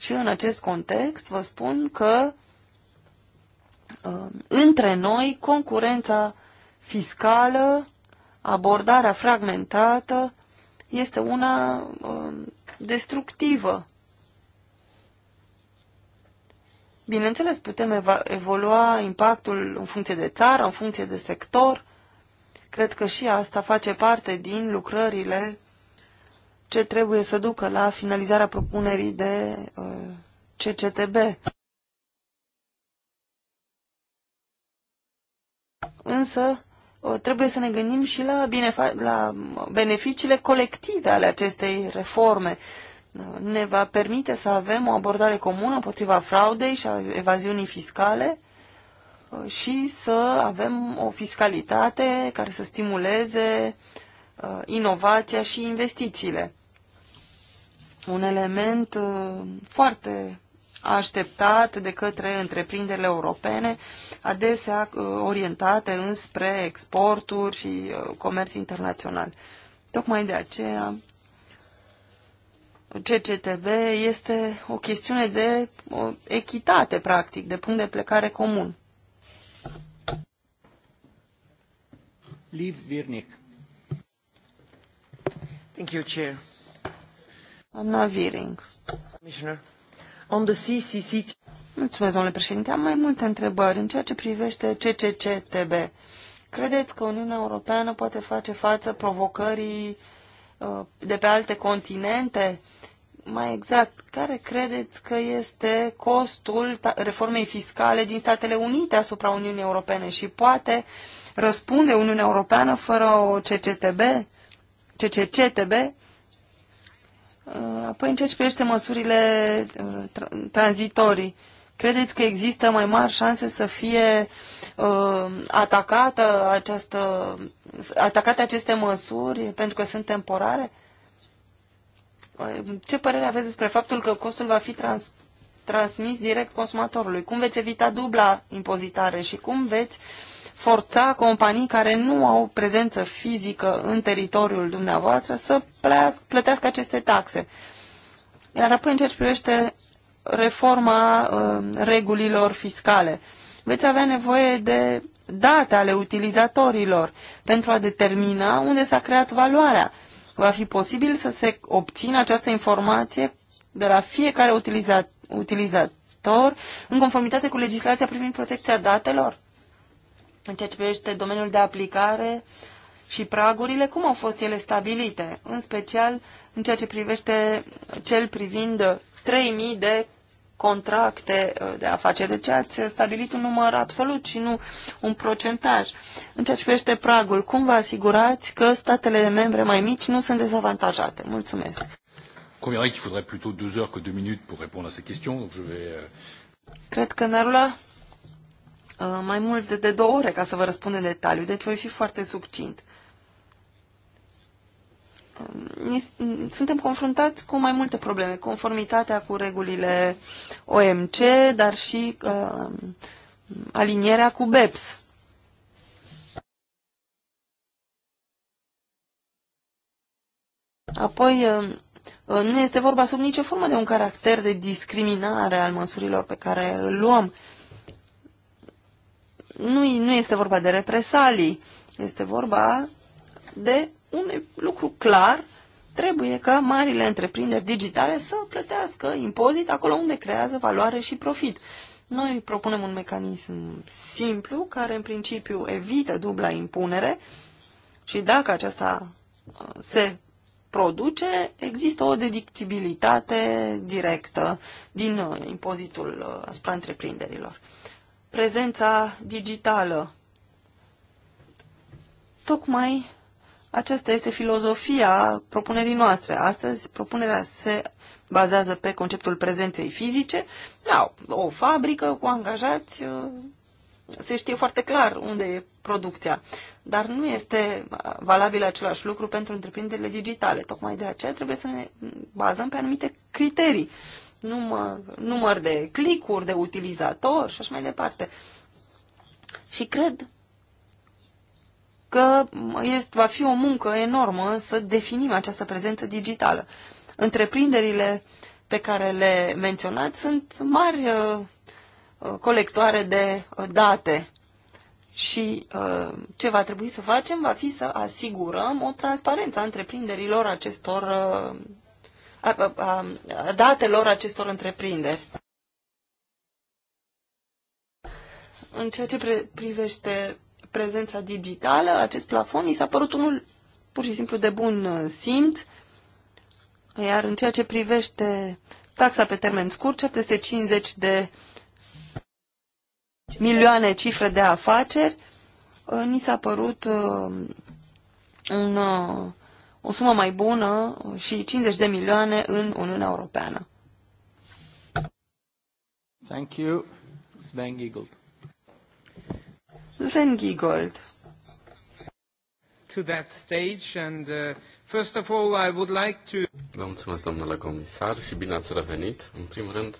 și în acest context vă spun că um, între noi concurența fiscală, abordarea fragmentată este una um, destructivă. Bineînțeles, putem evolua impactul în funcție de țară, în funcție de sector. Cred că și asta face parte din lucrările ce trebuie să ducă la finalizarea propunerii de uh, CCTB. Însă, uh, trebuie să ne gândim și la, la beneficiile colective ale acestei reforme. Uh, ne va permite să avem o abordare comună împotriva fraudei și a evaziunii fiscale și să avem o fiscalitate care să stimuleze inovația și investițiile un element uh, foarte așteptat de către întreprinderile europene, adesea uh, orientate înspre exporturi și uh, comerț internațional. Tocmai de aceea, CCTV este o chestiune de echitate, practic, de punct de plecare comun. Liv Virnic. Thank you, Chair. Doamna Viring. Mulțumesc, domnule președinte. Am mai multe întrebări în ceea ce privește CCCTB. Credeți că Uniunea Europeană poate face față provocării uh, de pe alte continente? Mai exact, care credeți că este costul reformei fiscale din Statele Unite asupra Uniunii Europene și poate răspunde Uniunea Europeană fără o CCTB? CCCTB? Uh, apoi, în ceea ce privește măsurile uh, tranzitorii, credeți că există mai mari șanse să fie uh, atacată această, atacate aceste măsuri pentru că sunt temporare? Păi, ce părere aveți despre faptul că costul va fi trans, transmis direct consumatorului? Cum veți evita dubla impozitare și cum veți uh, forța companii care nu au prezență fizică în teritoriul dumneavoastră să plătească aceste taxe. Iar apoi în ceea ce privește reforma uh, regulilor fiscale, veți avea nevoie de date ale utilizatorilor pentru a determina unde s-a creat valoarea. Va fi posibil să se obțină această informație de la fiecare utiliza utilizator în conformitate cu legislația privind protecția datelor? În ceea ce privește domeniul de aplicare și pragurile, cum au fost ele stabilite? În special în ceea ce privește cel privind 3.000 de contracte uh, de afaceri. Deci ați stabilit un număr absolut și nu un procentaj. În ceea ce privește pragul, cum vă asigurați că statele membre mai mici nu sunt dezavantajate? Mulțumesc. Euh, Cred că mi-ar lua Uh, mai mult de, de două ore ca să vă răspund în detaliu, deci voi fi foarte succint. Um, suntem confruntați cu mai multe probleme, conformitatea cu regulile OMC, dar și uh, alinierea cu BEPS. Apoi, uh, uh, nu este vorba sub nicio formă de un caracter de discriminare al măsurilor pe care îl luăm. Uh, nu, nu este vorba de represalii, este vorba de un lucru clar, trebuie ca marile întreprinderi digitale să plătească impozit acolo unde creează valoare și profit. Noi propunem un mecanism simplu care în principiu evită dubla impunere și dacă aceasta uh, se produce, există o dedictibilitate directă din uh, impozitul uh, asupra întreprinderilor prezența digitală. Tocmai aceasta este filozofia propunerii noastre. Astăzi propunerea se bazează pe conceptul prezenței fizice. Da, o fabrică cu angajați uh, se știe foarte clar unde e producția, dar nu este valabil același lucru pentru întreprinderile digitale. Tocmai de aceea trebuie să ne bazăm pe anumite criterii număr, număr de clicuri, de utilizator și așa mai departe. Și cred că este, va fi o muncă enormă să definim această prezență digitală. Întreprinderile pe care le menționați sunt mari uh, uh colectoare de uh, date și uh, ce va trebui să facem va fi să asigurăm o transparență a întreprinderilor acestor uh, datelor acestor întreprinderi. În ceea ce privește prezența digitală, acest plafon i s-a părut unul pur și simplu de bun uh, simț, iar în ceea ce privește taxa pe termen scurt, 750 de milioane cifre de afaceri, uh, ni s-a părut uh, un o sumă mai bună și 50 de milioane în Uniunea Europeană. Thank you. Sven Giegold. Sven Giegold. To that stage and uh, first of all I would like to Vă mulțumesc domnule comisar și bine ați revenit. În primul rând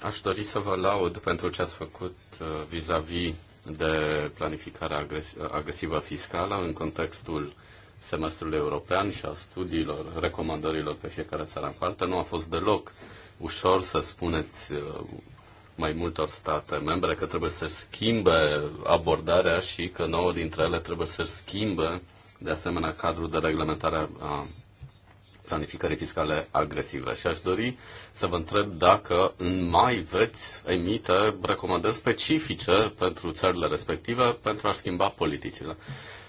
aș dori să vă laud pentru ce ați făcut uh, vis-a-vis uh, -vis de planificarea agres- agresivă fiscală în contextul semestrului european și a studiilor, recomandărilor pe fiecare țară în parte, nu a fost deloc ușor să spuneți uh, mai multor state membre că trebuie să schimbe abordarea și că nouă dintre ele trebuie să schimbe de asemenea cadrul de reglementare a planificării fiscale agresive. Și aș dori să vă întreb dacă în mai veți emite recomandări specifice pentru țările respective pentru a schimba politicile.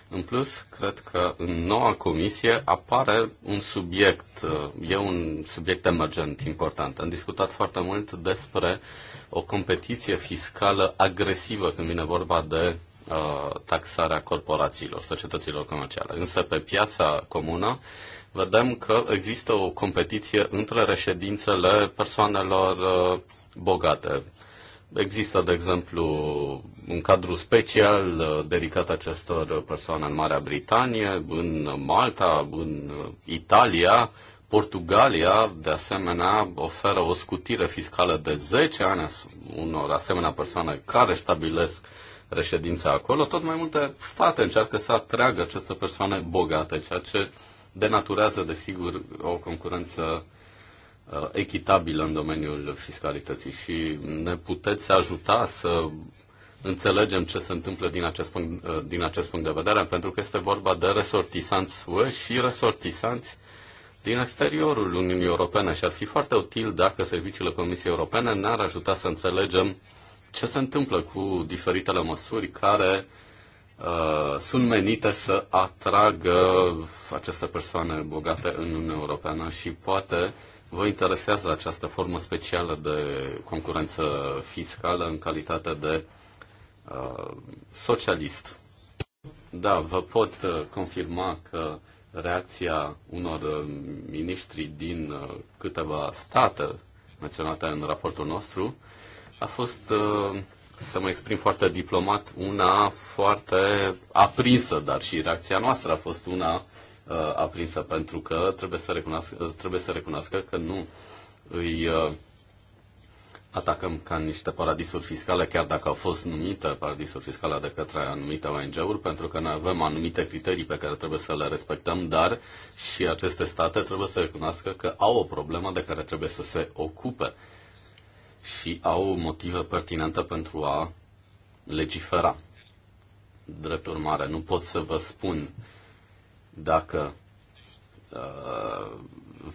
În plus, cred că în noua comisie apare un subiect, uh, e un subiect emergent important. Am discutat foarte mult despre o competiție fiscală agresivă când vine vorba de uh, taxarea corporațiilor, societăților comerciale. Însă pe piața comună vedem că există o competiție între reședințele persoanelor uh, bogate, Există, de exemplu, un cadru special uh, dedicat acestor persoane în Marea Britanie, în Malta, în Italia, Portugalia, de asemenea, oferă o scutire fiscală de 10 ani unor asemenea persoane care stabilesc reședința acolo. Tot mai multe state încearcă să atragă aceste persoane bogate, ceea ce denaturează, desigur, o concurență Uh, echitabilă în domeniul fiscalității și ne puteți ajuta să înțelegem ce se întâmplă din acest punct, uh, din acest punct de vedere, pentru că este vorba de resortisanți UE și resortisanți din exteriorul Uniunii Europene și ar fi foarte util dacă serviciile Comisiei Europene ne-ar ajuta să înțelegem ce se întâmplă cu diferitele măsuri care uh, sunt menite să atragă aceste persoane bogate în Uniunea Europeană și poate uh, vă interesează această formă specială de concurență fiscală în calitate de uh, socialist. Da, vă pot uh, confirma că reacția unor uh, miniștri din uh, câteva state menționate în raportul nostru a fost, să mă exprim foarte diplomat, una foarte aprinsă, dar și reacția noastră a fost una Uh, aprinsă, pentru că trebuie să recunoască, uh, trebuie să recunoască că nu îi uh, atacăm ca niște paradisuri fiscale, chiar dacă au fost numite paradisuri fiscale de către anumite ONG-uri, pentru că noi avem anumite criterii pe care trebuie să le respectăm, dar și aceste state trebuie să recunoască că au o problemă de care trebuie să se ocupe și au motive pertinente pentru a legifera. Drept urmare, nu pot să vă spun uh, dacă uh,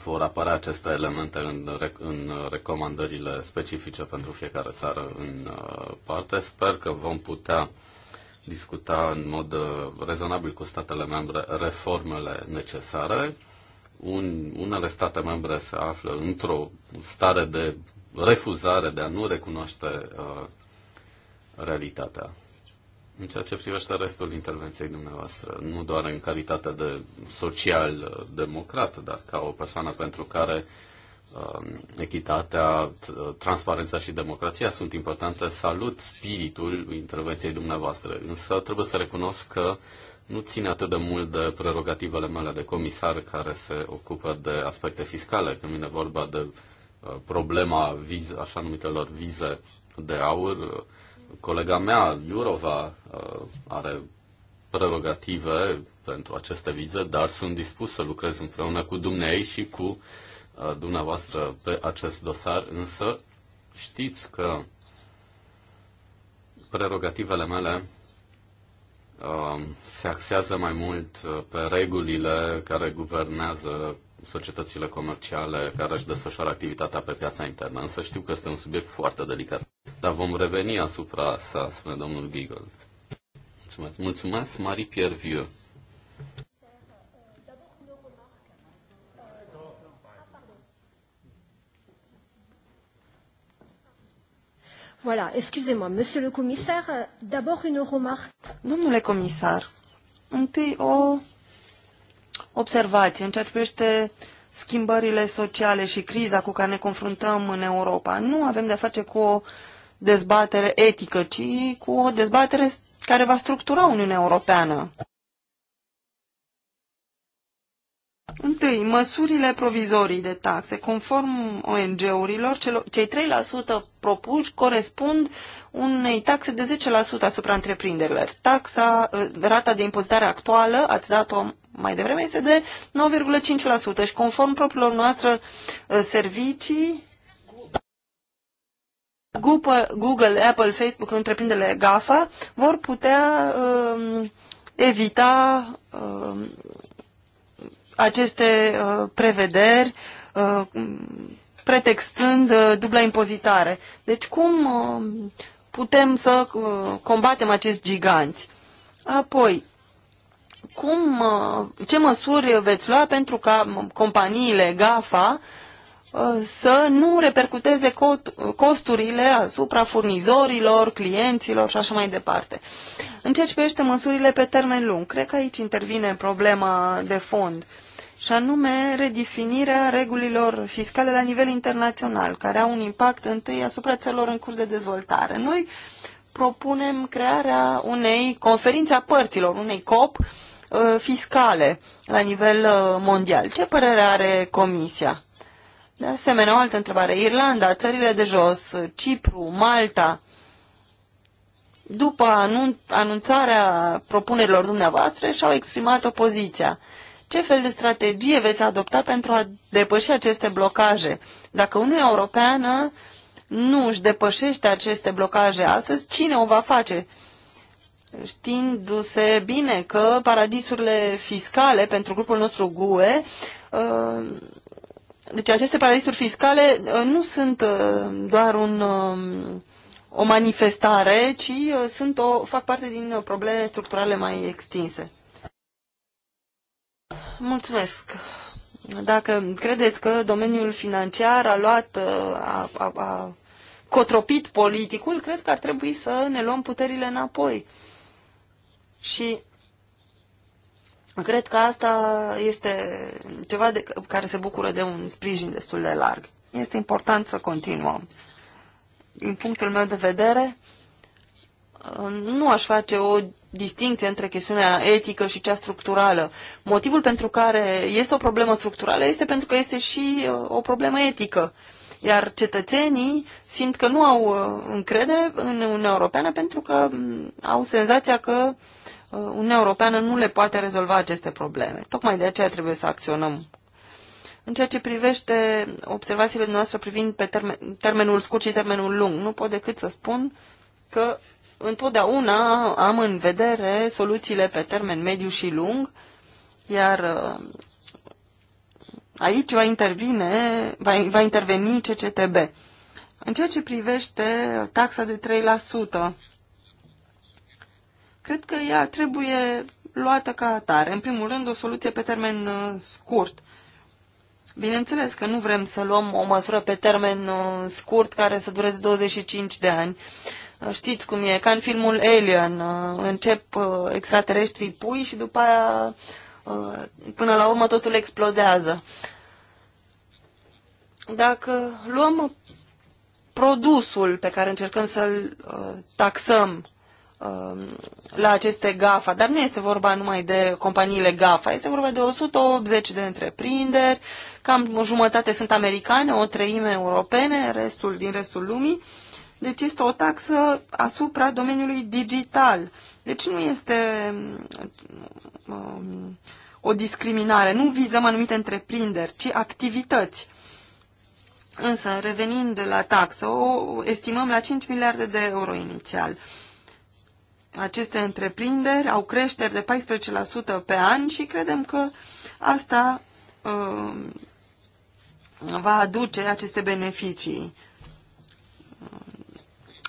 vor apărea aceste elemente în, în recomandările specifice pentru fiecare țară în uh, parte. Sper că vom putea discuta în mod uh, rezonabil cu statele membre reformele necesare. Un, unele state membre se află într-o stare de refuzare de a nu recunoaște uh, realitatea. În ceea ce privește restul intervenției dumneavoastră, nu doar în calitate de social-democrat, uh, dar ca o persoană pentru care um, echitatea, transparența și democrația sunt importante, salut spiritul intervenției dumneavoastră. Însă trebuie să recunosc că nu ține atât de mult de prerogativele mele de comisar care se ocupă de aspecte fiscale, când vine vorba de uh, problema viz, așa numitelor vize de aur, uh, Colega mea, Iurova, uh, are prerogative pentru aceste vize, dar sunt dispus să lucrez împreună cu dumnei și cu uh, dumneavoastră pe acest dosar, însă știți că prerogativele mele uh, se axează mai mult pe regulile care guvernează societățile comerciale care își desfășoară activitatea pe piața internă. Însă știu că este un subiect foarte delicat. Dar vom reveni asupra sa, spune domnul Beagle. Mulțumesc. Mulțumesc, Marie-Pierre Vieux. Voilà, excusez-moi, monsieur le commissaire, d'abord une remarque. Domnule comisar, întâi o observație în ceea ce privește schimbările sociale și criza cu care ne confruntăm în Europa. Nu avem de-a face cu o dezbatere etică, ci cu o dezbatere care va structura Uniunea Europeană. Întâi, măsurile provizorii de taxe. Conform ONG-urilor, cei 3% propuși corespund unei taxe de 10% asupra întreprinderilor. Taxa, eh, rata de impozitare actuală, ați dat-o mai devreme este de 9,5% și conform propriilor noastre uh, servicii, Google, Apple, Facebook, întreprinderile GAFA vor putea uh, evita uh, aceste uh, prevederi uh, pretextând uh, dubla impozitare. Deci cum uh, putem să uh, combatem acest gigant? Apoi, cum, uh, ce măsuri veți lua pentru ca companiile GAFA uh, să nu repercuteze costurile asupra furnizorilor, clienților și așa mai departe. În ceea ce privește măsurile pe termen lung, cred că aici intervine problema de fond și anume redefinirea regulilor fiscale la nivel internațional, care au un impact întâi asupra țărilor în curs de dezvoltare. Noi propunem crearea unei conferințe a părților, unei COP, Uh, fiscale la nivel uh, mondial. Ce părere are Comisia? De asemenea, o altă întrebare. Irlanda, țările de jos, Cipru, Malta, după anun- anunțarea propunerilor dumneavoastră, și-au exprimat opoziția. Ce fel de strategie veți adopta pentru a depăși aceste blocaje? Dacă Uniunea Europeană nu își depășește aceste blocaje astăzi, cine o va face? știindu-se bine că paradisurile fiscale pentru grupul nostru GUE, uh, deci aceste paradisuri fiscale uh, nu sunt uh, doar un, o manifestare, ci sunt o, fac parte din probleme structurale mai extinse. Mulțumesc. Dacă credeți că domeniul financiar a luat, a, a, a cotropit politicul, cred că ar trebui să ne luăm puterile înapoi și cred că asta este ceva de, care se bucură de un sprijin destul de larg. Este important să continuăm. Din punctul meu de vedere, nu aș face o distinție între chestiunea etică și cea structurală. Motivul pentru care este o problemă structurală este pentru că este și uh, o problemă etică. Uh, iar cetățenii simt că nu au uh, încredere în Uniunea Europeană pentru că mm, au senzația că uh, Uniunea Europeană nu le poate rezolva aceste probleme. Tocmai de aceea trebuie să acționăm. În ceea ce privește observațiile noastre privind pe termen, termenul scurt și termenul lung, nu pot decât să spun că întotdeauna am în vedere soluțiile pe termen mediu și lung, iar uh, Aici va, intervine, va, va interveni CCTB. În ceea ce privește taxa de 3%, cred că ea trebuie luată ca atare. În primul rând, o soluție pe termen uh, scurt. Bineînțeles că nu vrem să luăm o măsură pe termen uh, scurt care să dureze 25 de ani. Uh, știți cum e, ca în filmul Alien, încep extraterestrii pui și după aia Uh, până la urmă totul explodează. Dacă luăm produsul pe care încercăm să-l uh, taxăm uh, la aceste GAFA, dar nu este vorba numai de companiile GAFA, este vorba de 180 de întreprinderi, cam o jumătate sunt americane, o treime europene, restul din restul lumii. Deci este o taxă asupra domeniului digital. Deci nu este Um, o discriminare. Nu vizăm anumite întreprinderi, ci activități. Însă, revenind la taxă, o estimăm la 5 miliarde de euro inițial. Aceste întreprinderi au creșteri de 14% pe an și credem că asta uh, va aduce aceste beneficii.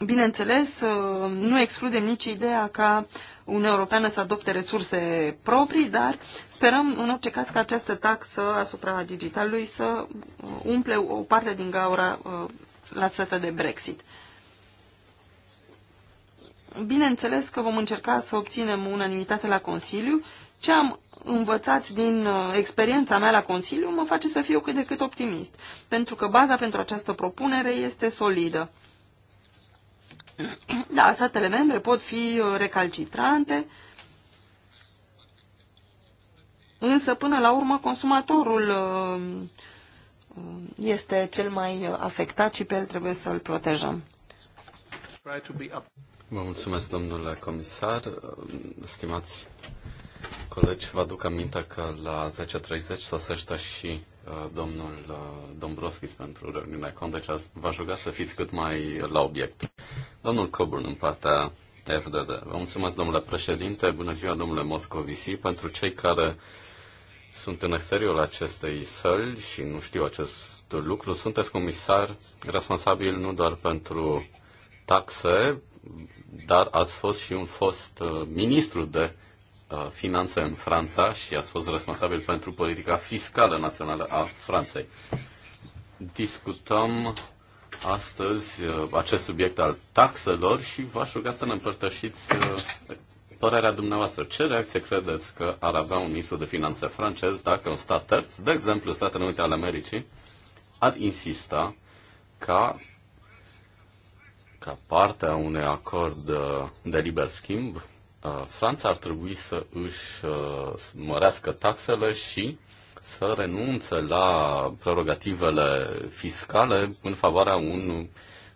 Bineînțeles, uh, nu excludem nici ideea ca Uniunea Europeană să adopte resurse proprii, dar sperăm în orice caz ca această taxă asupra digitalului să uh, umple o parte din gaura uh, lăsată de Brexit. Bineînțeles că vom încerca să obținem unanimitate la Consiliu. Ce am învățat din experiența mea la Consiliu mă face să fiu cât de cât optimist, pentru că baza pentru această propunere este solidă Da, statele membre pot fi uh, recalcitrante, însă până la urmă consumatorul uh, uh, este cel mai afectat și pe el trebuie să îl protejăm. Vă mulțumesc, domnule comisar, stimați colegi, vă aduc aminte că la 10.30 s-a și uh, domnul uh, Dombrovskis pentru reuniunea cont, deci vă aș ruga să fiți cât mai la obiect. Domnul Coburn în partea FDD. Vă mulțumesc, domnule președinte, bună ziua, domnule Moscovici. Pentru cei care sunt în exteriorul acestei săli și nu știu acest lucru, sunteți comisar responsabil nu doar pentru taxe, dar ați fost și un fost uh, ministru de Uh, finanțe în Franța și a fost responsabil pentru politica fiscală națională a Franței. Discutăm astăzi uh, acest subiect al taxelor și v-aș ruga să ne împărtășiți uh, părerea dumneavoastră. Ce reacție credeți că ar avea un ministru de finanțe francez dacă un stat terț, de exemplu Statele Unite ale Americii, ar insista ca, ca parte a unui acord de liber schimb Uh, Franța ar trebui să își uh, mărească taxele și să renunțe la prerogativele fiscale în favoarea un,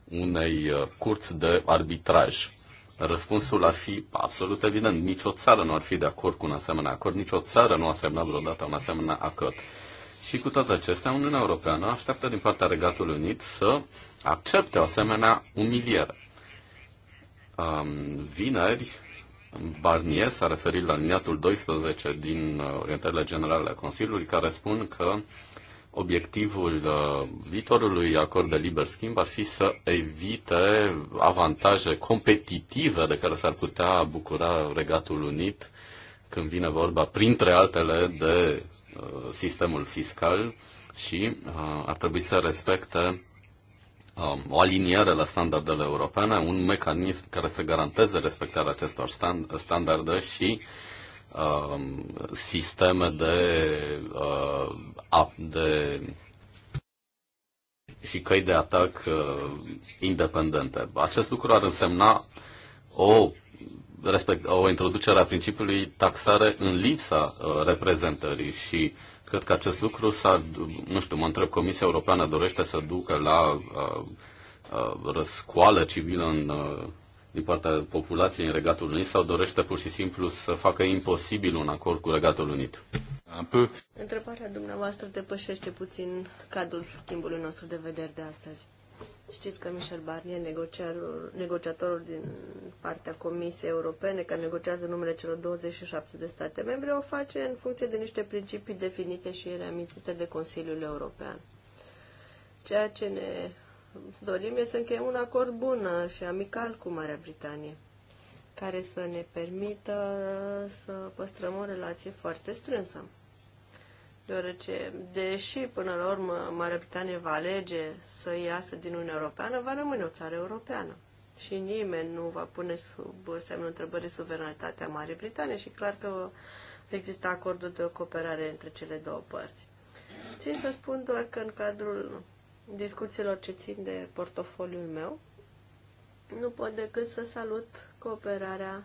unei uh, curți de arbitraj. Răspunsul ar fi absolut evident. Nicio țară nu ar fi de acord cu un asemenea acord, nicio țară nu a semnat vreodată un asemenea acord. Și cu toate acestea, Uniunea Europeană așteaptă din partea Regatului Unit să accepte o asemenea umiliere. Um, vineri, Barnier s-a referit la liniatul 12 din uh, orientările generale a Consiliului, care spun că obiectivul uh, viitorului acord de liber schimb ar fi să evite avantaje competitive de care s-ar putea bucura Regatul Unit când vine vorba, printre altele, de uh, sistemul fiscal și ar trebui să respecte Um, o aliniere la standardele europene, un mecanism care să garanteze respectarea acestor stand- standarde și um, sisteme de, uh, de și căi de atac uh, independente. Acest lucru ar însemna o respect, o introducere a principiului taxare în lipsa uh, reprezentării și cred că acest lucru s a nu știu, mă întreb, Comisia Europeană dorește să ducă la uh, uh răscoală civilă în, uh, din partea populației în Regatul Unit sau dorește pur și simplu să facă imposibil un acord cu Regatul Unit? Întrebarea dumneavoastră depășește puțin cadrul schimbului nostru de vedere de astăzi. Știți că Michel Barnier, negociatorul din partea Comisiei Europene, care negociază numele celor 27 de state membre, o face în funcție de niște principii definite și reamintite de Consiliul European. Ceea ce ne dorim este să încheiem un acord bun și amical cu Marea Britanie, care să ne permită să păstrăm o relație foarte strânsă deoarece, deși până la urmă Marea Britanie va alege să iasă din Uniunea Europeană, va rămâne o țară europeană. Și nimeni nu va pune sub semnul întrebării suveranitatea Marii Britanie și clar că există acordul de cooperare între cele două părți. Țin să spun doar că în cadrul discuțiilor ce țin de portofoliul meu, nu pot decât să salut cooperarea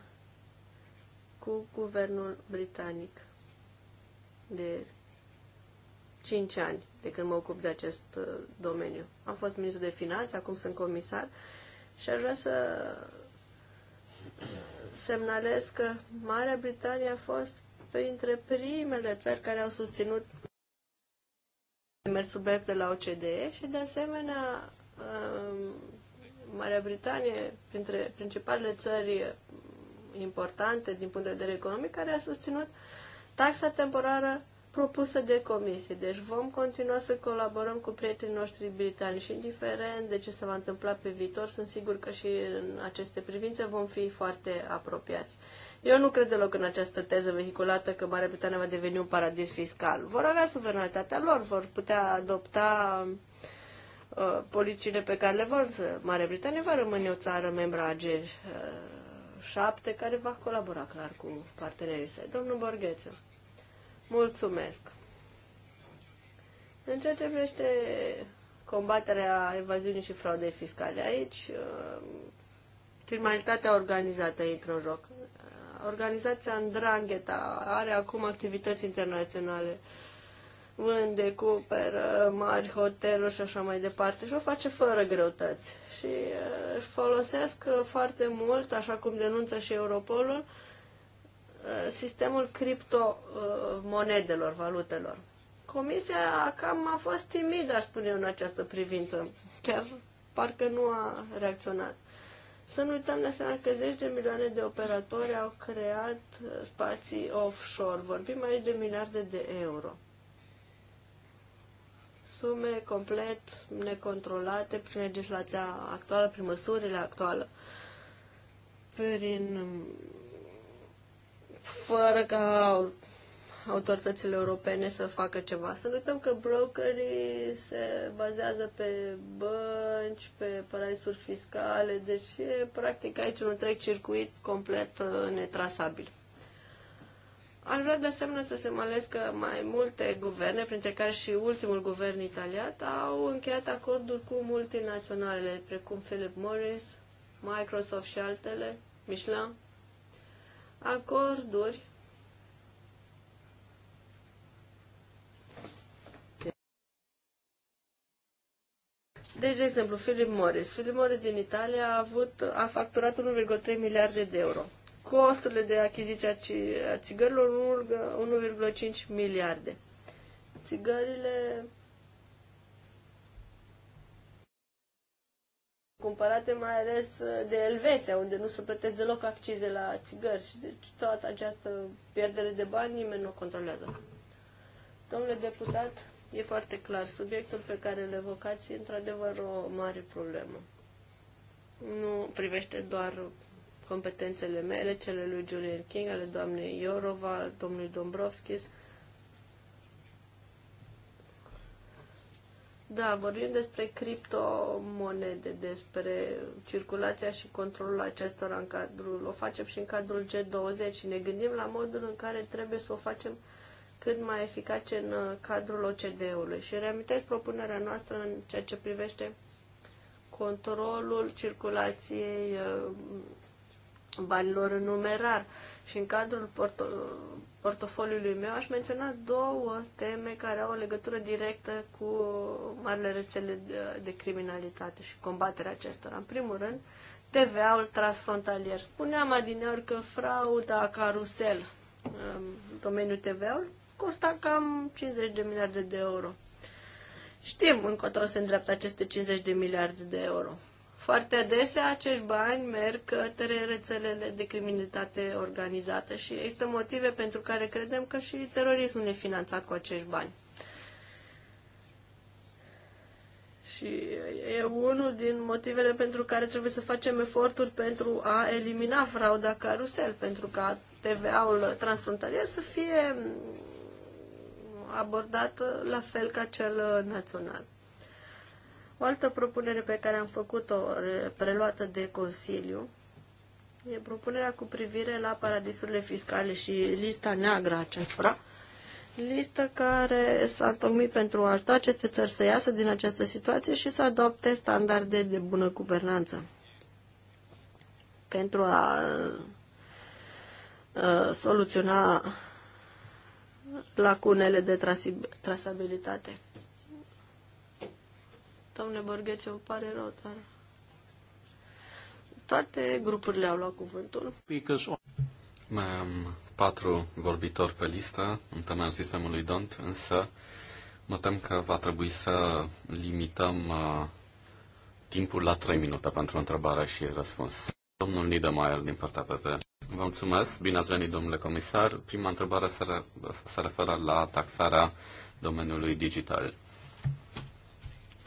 cu guvernul britanic de 5 ani de când mă ocup de acest uh, domeniu. Am fost ministru de finanțe, acum sunt comisar și aș vrea să semnalez că Marea Britanie a fost printre primele țări care au susținut mersul BEF de la OCDE și de asemenea um, Marea Britanie, printre principalele țări importante din punct de vedere economic, care a susținut taxa temporară propusă de comisie. Deci vom continua să colaborăm cu prietenii noștri britanici și indiferent de ce se va întâmpla pe viitor, sunt sigur că și în aceste privințe vom fi foarte apropiați. Eu nu cred deloc în această teză vehiculată că Marea Britanie va deveni un paradis fiscal. Vor avea suveranitatea lor, vor putea adopta uh, politicile pe care le vor. Marea Britanie va rămâne o țară membra AG7 care va colabora clar cu partenerii săi. Domnul Borghețu. Mulțumesc. În ceea ce privește combaterea evaziunii și fraudei fiscale, aici uh, criminalitatea organizată intră în joc. Uh, organizația Andrangheta are acum activități internaționale vânde, cupere mari hoteluri și așa mai departe și o face fără greutăți. Și uh, își folosesc foarte mult, așa cum denunță și Europolul, uh, sistemul criptomonedelor, valutelor. Comisia cam a fost timidă, aș spune eu, în această privință. Chiar parcă nu a reacționat. Să nu uităm de asemenea că zeci de milioane de operatori au creat spații offshore. Vorbim aici de miliarde de euro. Sume complet necontrolate prin legislația actuală, prin măsurile actuale, prin fără ca autoritățile europene să facă ceva. Să nu uităm că brokerii se bazează pe bănci, pe paradisuri fiscale, deci e practic aici un întreg circuit complet uh, netrasabil. Aș vrea de asemenea să se males că mai multe guverne, printre care și ultimul guvern italian, au încheiat acorduri cu multinaționale, precum Philip Morris, Microsoft și altele, Michelin, acorduri Deci, de exemplu, Philip Morris. Philip Morris din Italia a, avut, a facturat 1,3 miliarde de euro. Costurile de achiziție a țigărilor 1,5 miliarde. Țigările cumpărate mai ales uh, de Elveția, unde nu se plătesc deloc accize la țigări. Și deci toată această pierdere de bani nimeni nu o controlează. Domnule deputat, e foarte clar, subiectul pe care îl evocați e într-adevăr o mare problemă. Nu privește doar competențele mele, cele lui Julian King, ale doamnei Iorova, domnului Dombrovskis, Da, vorbim despre criptomonede, despre circulația și controlul acestora în cadrul, o facem și în cadrul G20 și ne gândim la modul în care trebuie să o facem cât mai eficace în uh, cadrul OCDE-ului. Și reamintesc propunerea noastră în ceea ce privește controlul circulației uh, banilor în numerar și în cadrul portofoliului meu, aș menționa două teme care au o legătură directă cu marile rețele de, de criminalitate și combaterea acestora. În primul rând, TVA-ul transfrontalier. Spuneam adineori că frauda carusel um, în domeniul TVA-ul costa cam 50 de miliarde de euro. Știm încotro se îndreaptă aceste 50 de miliarde de euro. Foarte adesea acești bani merg către rețelele de criminalitate organizată și există motive pentru care credem că și terorismul e finanțat cu acești bani. Și e unul din motivele pentru care trebuie să facem eforturi pentru a elimina frauda carusel, pentru ca TVA-ul transfrontalier să fie abordat la fel ca cel național. O altă propunere pe care am făcut-o, preluată de Consiliu, e propunerea cu privire la paradisurile fiscale și lista neagră acestora, listă care s-a tocmit pentru a ajuta aceste țări să iasă din această situație și să adopte standarde de bună guvernanță pentru a, a soluționa lacunele de trasabilitate domnule Borghețiu, îmi pare rău, dar toate grupurile au luat cuvântul. Mai am patru vorbitori pe listă în temeiul sistemului DONT, însă mă tem că va trebui să limităm uh, timpul la trei minute pentru întrebare și răspuns. Domnul Niedermayer din partea PT. Vă mulțumesc, bine ați venit, domnule comisar. Prima întrebare se, re- se referă la taxarea domeniului digital.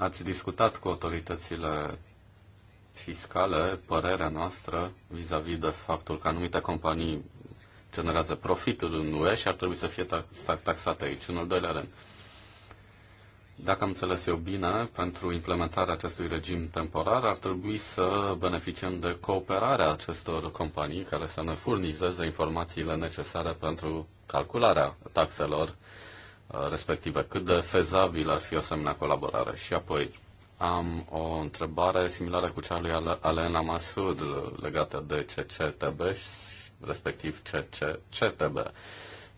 Ați discutat cu autoritățile fiscale părerea noastră vis-a-vis -vis de faptul că anumite companii generează profituri în UE și ar trebui să fie taxate aici. În al doilea rând, dacă am înțeles eu bine, pentru implementarea acestui regim temporar ar trebui să beneficiem de cooperarea acestor companii care să ne furnizeze informațiile necesare pentru calcularea taxelor respective. Cât de fezabil ar fi o asemenea colaborare? Și apoi am o întrebare similară cu cea lui Alena Masud legată de CCTB, respectiv CCCTB.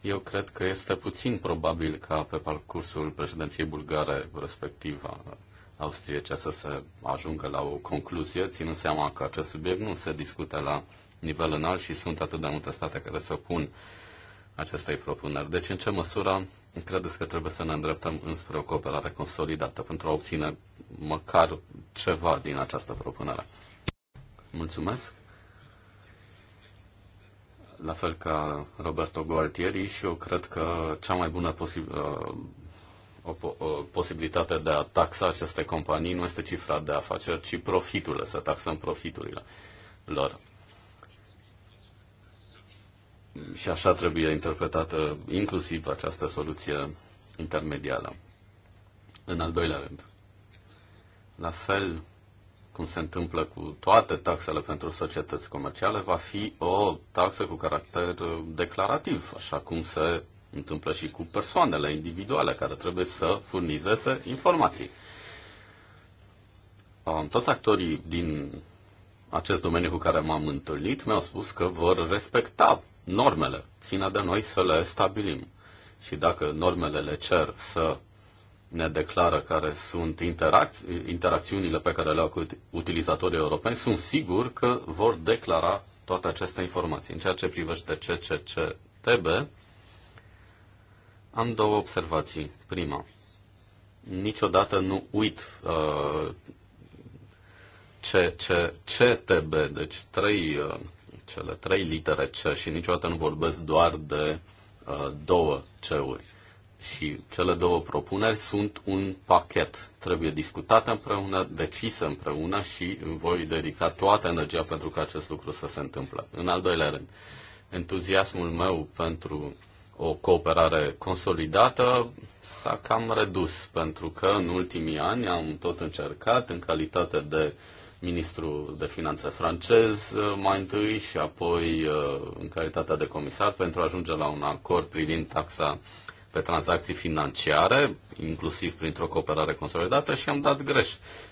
Eu cred că este puțin probabil ca pe parcursul președinției bulgare, respectiv a austriece, să se ajungă la o concluzie, ținând seama că acest subiect nu se discută la nivel înalt și sunt atât de multe state care se opun acestei propuneri. Deci, în ce măsură credeți că trebuie să ne îndreptăm înspre o cooperare consolidată pentru a obține măcar ceva din această propunere? Mulțumesc! La fel ca Roberto Gualtieri și eu cred că cea mai bună posibil uh, o, po- o uh, posibilitate de a taxa aceste companii nu este cifra de afaceri, ci profiturile, să taxăm profiturile lor și așa trebuie interpretată inclusiv această soluție intermedială. În al doilea rând, la fel cum se întâmplă cu toate taxele pentru societăți comerciale, va fi o taxă cu caracter declarativ, așa cum se întâmplă și cu persoanele individuale care trebuie să furnizeze informații. Toți actorii din acest domeniu cu care m-am întâlnit mi-au spus că vor respecta normele. Ține de noi să le stabilim. Și dacă normele le cer să ne declară care sunt interacți- interacțiunile pe care le au cu utilizatorii europeni, sunt sigur că vor declara toate aceste informații. În ceea ce privește CCCTB, am două observații. Prima, niciodată nu uit uh, CCCTB, deci trei uh, cele trei litere C și niciodată nu vorbesc doar de uh, două C-uri. Și cele două propuneri sunt un pachet. Trebuie discutate împreună, decise împreună și voi dedica toată energia pentru ca acest lucru să se întâmple. În al doilea rând, entuziasmul meu pentru o cooperare consolidată s-a cam redus, pentru că în ultimii ani am tot încercat, în calitate de uh, ministru de finanțe francez uh, mai întâi și apoi uh, în calitatea de comisar pentru a ajunge la un acord privind taxa pe tranzacții financiare, inclusiv printr-o cooperare consolidată și am dat greș,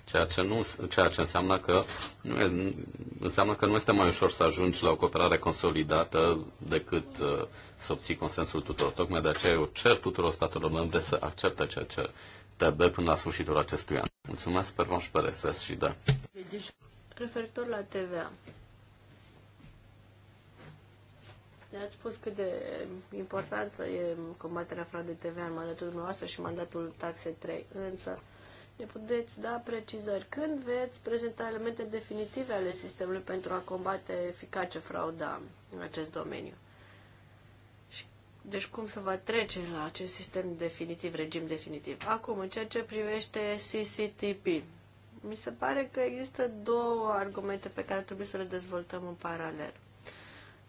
ceea ce, nu, ceea ce înseamnă, că nu e, înseamnă că nu este mai ușor să ajungi la o cooperare consolidată decât uh, să obții consensul tuturor. Tocmai de aceea eu cer tuturor statelor membre să accepte ceea ce TB până la sfârșitul acestui an. Mulțumesc, Pervan și PRSS și da. Deci, referitor la TVA, ne-ați spus cât de importantă e combaterea fraudei TVA în mandatul dumneavoastră și mandatul taxe 3, însă ne puteți da precizări când veți prezenta elemente definitive ale sistemului pentru a combate eficace frauda în acest domeniu. Deci cum să va trece la acest sistem definitiv, regim definitiv. Acum, în ceea ce privește CCTP, mi se pare că există două argumente pe care trebuie să le dezvoltăm în paralel.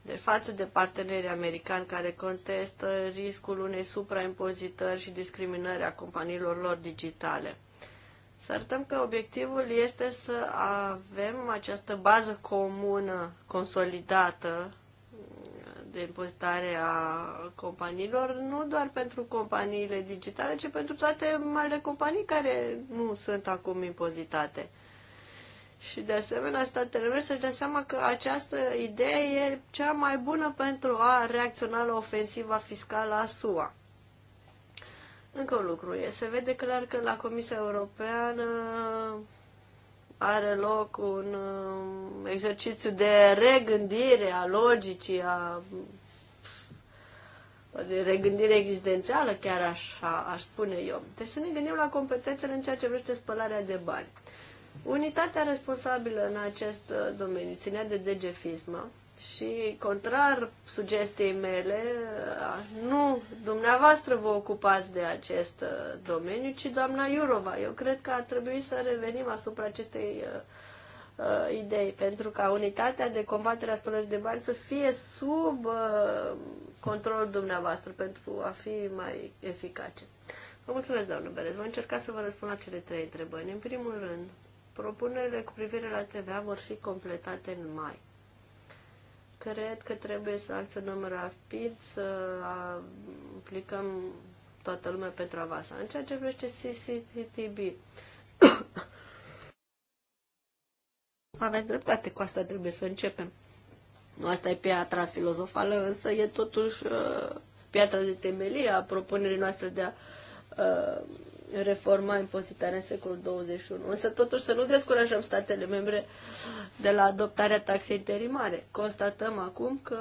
De față de partenerii americani care contestă riscul unei supraimpozitări și discriminări a companiilor lor digitale. Să arătăm că obiectivul este să avem această bază comună, consolidată, de impozitare a companiilor, nu doar pentru companiile digitale, ci pentru toate marile companii care nu sunt acum impozitate. Și de asemenea, statele membre să-și dea seama că această idee e cea mai bună pentru a reacționa la ofensiva fiscală a SUA. Încă un lucru e, se vede clar că la Comisia Europeană are loc un um, exercițiu de regândire a logicii, a de regândire existențială, chiar așa aș spune eu. Deci să ne gândim la competențele în ceea ce vrește spălarea de bani. Unitatea responsabilă în acest uh, domeniu ținea de DG și contrar sugestiei mele, nu dumneavoastră vă ocupați de acest uh, domeniu, ci doamna Iurova. Eu cred că ar trebui să revenim asupra acestei uh, uh, idei, pentru ca unitatea de combatere a spălării de bani să fie sub uh, controlul dumneavoastră pentru a fi mai eficace. Vă mulțumesc, doamnă Berez. Vă încerca să vă răspund la cele trei întrebări. În primul rând, propunerile cu privire la TVA vor fi completate în mai. Cred că trebuie să acționăm rapid, să aplicăm toată lumea pentru a În ceea ce vrește CCTB. aveți dreptate, cu asta trebuie să începem. Nu asta e piatra filozofală, însă e totuși uh, piatra de temelie a propunerii noastre de a uh, reforma impozitare în secolul 21. Însă totuși să nu descurajăm statele membre de la adoptarea taxei interimare. Constatăm acum că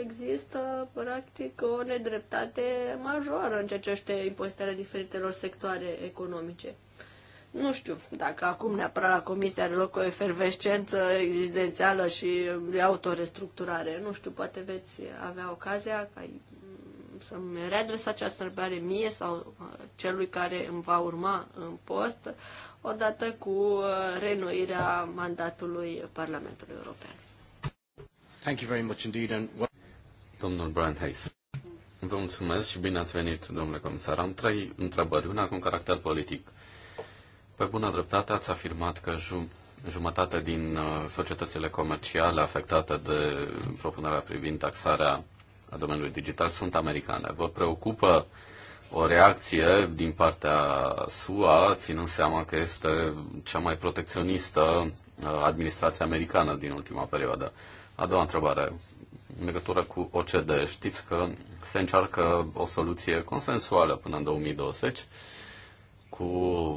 există practic o nedreptate majoră în ceea ce este impozitarea diferitelor sectoare economice. Nu știu dacă acum neapărat la Comisia are loc o efervescență existențială și de autorestructurare. Nu știu, poate veți avea ocazia ca să-mi readres această întrebare mie sau uh, celui care îmi va urma în post, odată cu uh, renoirea mandatului Parlamentului European. Thank you very much indeed and... Domnul Brian Hayes. Vă mulțumesc și bine ați venit, domnule comisar. Am trei întrebări, una cu un caracter politic. Pe bună dreptate ați afirmat că jumătate din uh, societățile comerciale afectate de propunerea privind taxarea a domeniului digital sunt americane. Vă preocupă o reacție din partea SUA, ținând seama că este cea mai protecționistă uh, administrație americană din ultima perioadă. A doua întrebare, în legătură cu OCD. Știți că se încearcă o soluție consensuală până în 2020 cu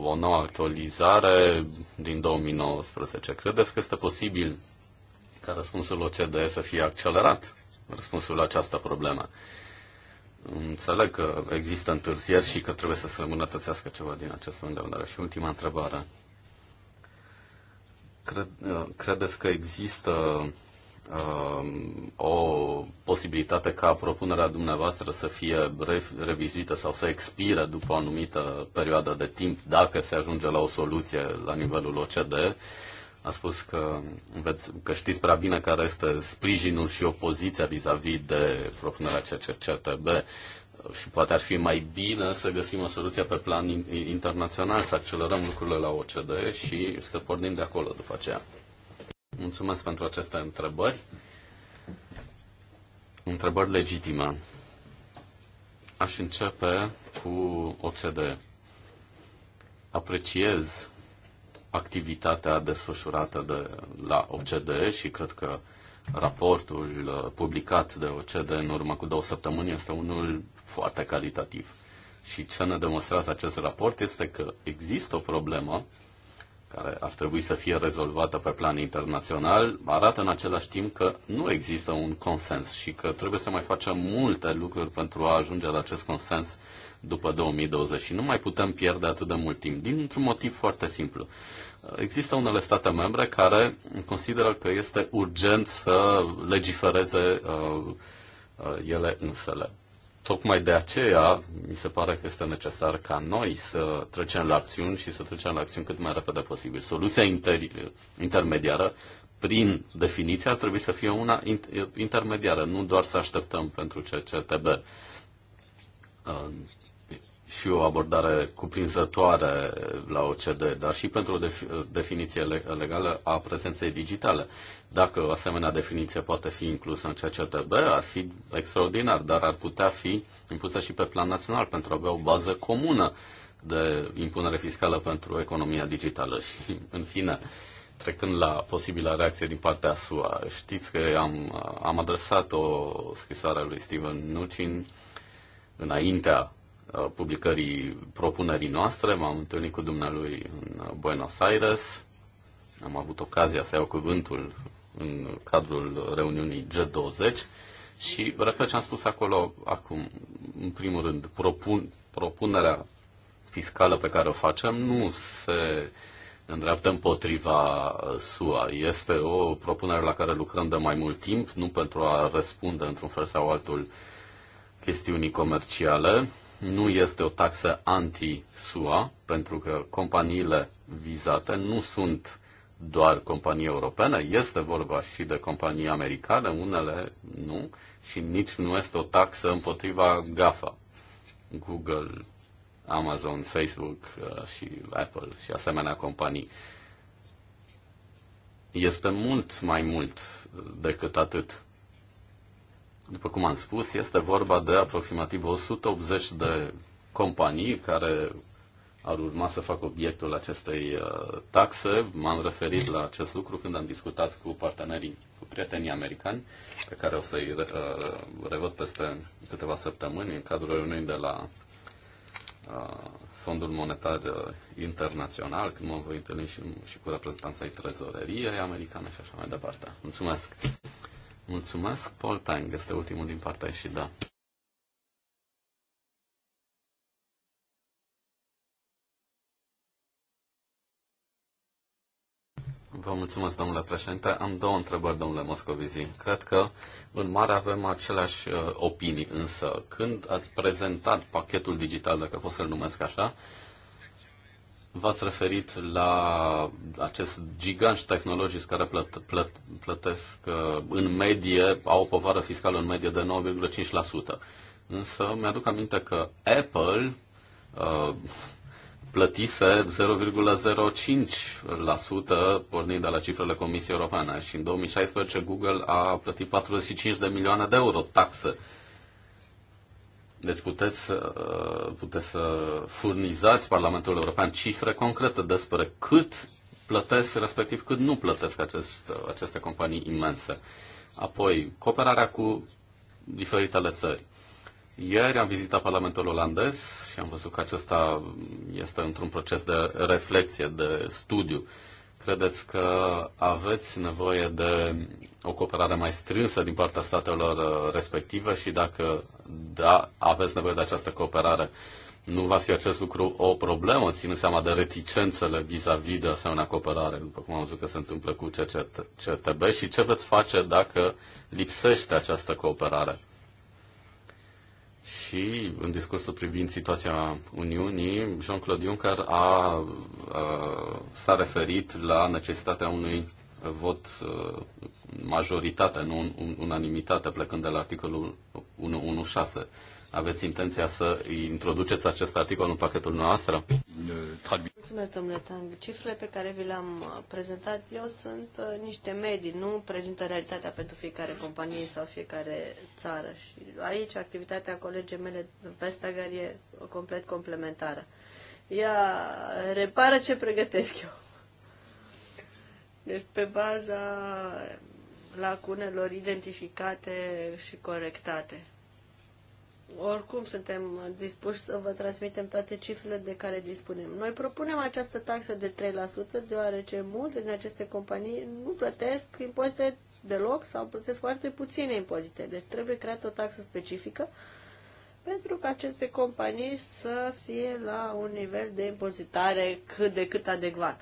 o nouă actualizare din 2019. Credeți că este posibil ca răspunsul OCD să fie accelerat răspunsul la această problemă. Înțeleg că există întârzieri și că trebuie să se îmbunătățească ceva din acest moment de vedere. Și ultima întrebare. Cred, uh, credeți că există uh, o posibilitate ca propunerea dumneavoastră să fie revizuită sau să expire după o anumită perioadă de timp dacă se ajunge la o soluție la nivelul OCDE? a spus că, veți, că știți prea bine care este sprijinul și opoziția vis-a-vis -vis de propunerea CCCTB și poate ar fi mai bine să găsim o soluție pe plan internațional, să accelerăm lucrurile la OCD și să pornim de acolo după aceea. Mulțumesc pentru aceste întrebări. Întrebări legitime. Aș începe cu OCD. Apreciez activitatea desfășurată de la OCDE și cred că raportul uh, publicat de OCDE în urmă cu două săptămâni este unul foarte calitativ. Și ce ne demonstrează acest raport este că există o problemă care ar trebui să fie rezolvată pe plan internațional, arată în același timp că nu există un consens și că trebuie să mai facem multe lucruri pentru a ajunge la acest consens după 2020 și nu mai putem pierde atât de mult timp, dintr-un motiv foarte simplu. Există unele state membre care consideră că este urgent să legifereze uh, uh, ele însele. Tocmai de aceea mi se pare că este necesar ca noi să trecem la acțiuni și să trecem la acțiuni cât mai repede posibil. Soluția inter- intermediară prin definiție, ar trebui să fie una intermediară, nu doar să așteptăm pentru CCTB. Uh, și o abordare cuprinzătoare la OCD, dar și pentru o definiție legală a prezenței digitale. Dacă o asemenea definiție poate fi inclusă în CCTB, ar fi extraordinar, dar ar putea fi impusă și pe plan național pentru a avea o bază comună de impunere fiscală pentru economia digitală. Și, în fine, trecând la posibilă reacție din partea SUA, știți că am, am adresat o scrisoare lui Steven Nucin înaintea Uh, publicării propunerii noastre. M-am întâlnit cu dumnealui în uh, Buenos Aires. Am avut ocazia să iau cuvântul în cadrul reuniunii G20 și repet ce am spus acolo acum. În primul rând, propun, propunerea fiscală pe care o facem nu se îndreaptă împotriva uh, SUA. Este o propunere la care lucrăm de mai mult timp, nu pentru a răspunde într-un fel sau altul chestiunii comerciale, nu este o taxă anti-SUA, pentru că companiile vizate nu sunt doar companii europene, este vorba și de companii americane, unele nu, și nici nu este o taxă împotriva GAFA, Google, Amazon, Facebook uh, și Apple și asemenea companii. Este mult mai mult decât atât. După cum am spus, este vorba de aproximativ 180 de companii care ar urma să facă obiectul acestei uh, taxe. M-am referit la acest lucru când am discutat cu partenerii, cu prietenii americani, pe care o să-i uh, revăd peste câteva săptămâni în cadrul unui de la uh, Fondul Monetar Internațional, când mă voi întâlni și, și cu reprezentanța ai trezoreriei americane și așa mai departe. Mulțumesc! Mulțumesc. Paul Tang este ultimul din partea și da. Vă mulțumesc, domnule președinte. Am două întrebări, domnule Moscovizi. Cred că în mare avem aceleași uh, opinii, însă când ați prezentat pachetul digital, dacă pot să-l numesc așa, V-ați referit la acest gigant tehnologic care plăt, plăt, plătesc uh, în medie, au o povară fiscală în medie de 9,5%. Însă mi-aduc aminte că Apple uh, plătise 0,05% pornind de la cifrele Comisiei Europene și în 2016 Google a plătit 45 de milioane de euro taxe deci puteți să, uh, puteți să furnizați Parlamentul European cifre concrete despre cât plătesc, respectiv cât nu plătesc acest, uh, aceste companii imense. Apoi, cooperarea cu diferitele țări. Ieri am vizitat Parlamentul olandez și am văzut că acesta este într-un proces de reflexie, de studiu. Uh, Credeți că aveți nevoie de o cooperare mai strânsă din partea statelor uh, respective și dacă da, aveți nevoie de această cooperare, nu va fi acest lucru o problemă, ținând seama de reticențele vis-a-vis -vis de asemenea cooperare, după cum am văzut că se întâmplă cu CCTB și ce veți face dacă lipsește această cooperare? Și în discursul privind situația Uniunii, Jean-Claude Juncker a, a, s-a referit la necesitatea unui vot uh, majoritate, nu unanimitate, plecând de la articolul 116 aveți intenția să introduceți acest articol în pachetul noastră? Mulțumesc, domnule Tang. Cifrele pe care vi le-am prezentat eu sunt uh, niște medii, nu prezintă realitatea pentru fiecare companie sau fiecare țară. Și aici activitatea colegii mele Vestager e complet complementară. Ea repară ce pregătesc eu. Deci pe baza lacunelor identificate și corectate oricum suntem dispuși să vă transmitem toate cifrele de care dispunem. Noi propunem această taxă de 3% deoarece multe din aceste companii nu plătesc impozite deloc sau plătesc foarte puține impozite. Deci trebuie creată o taxă specifică pentru ca aceste companii să fie la un nivel de impozitare cât de cât adecvat.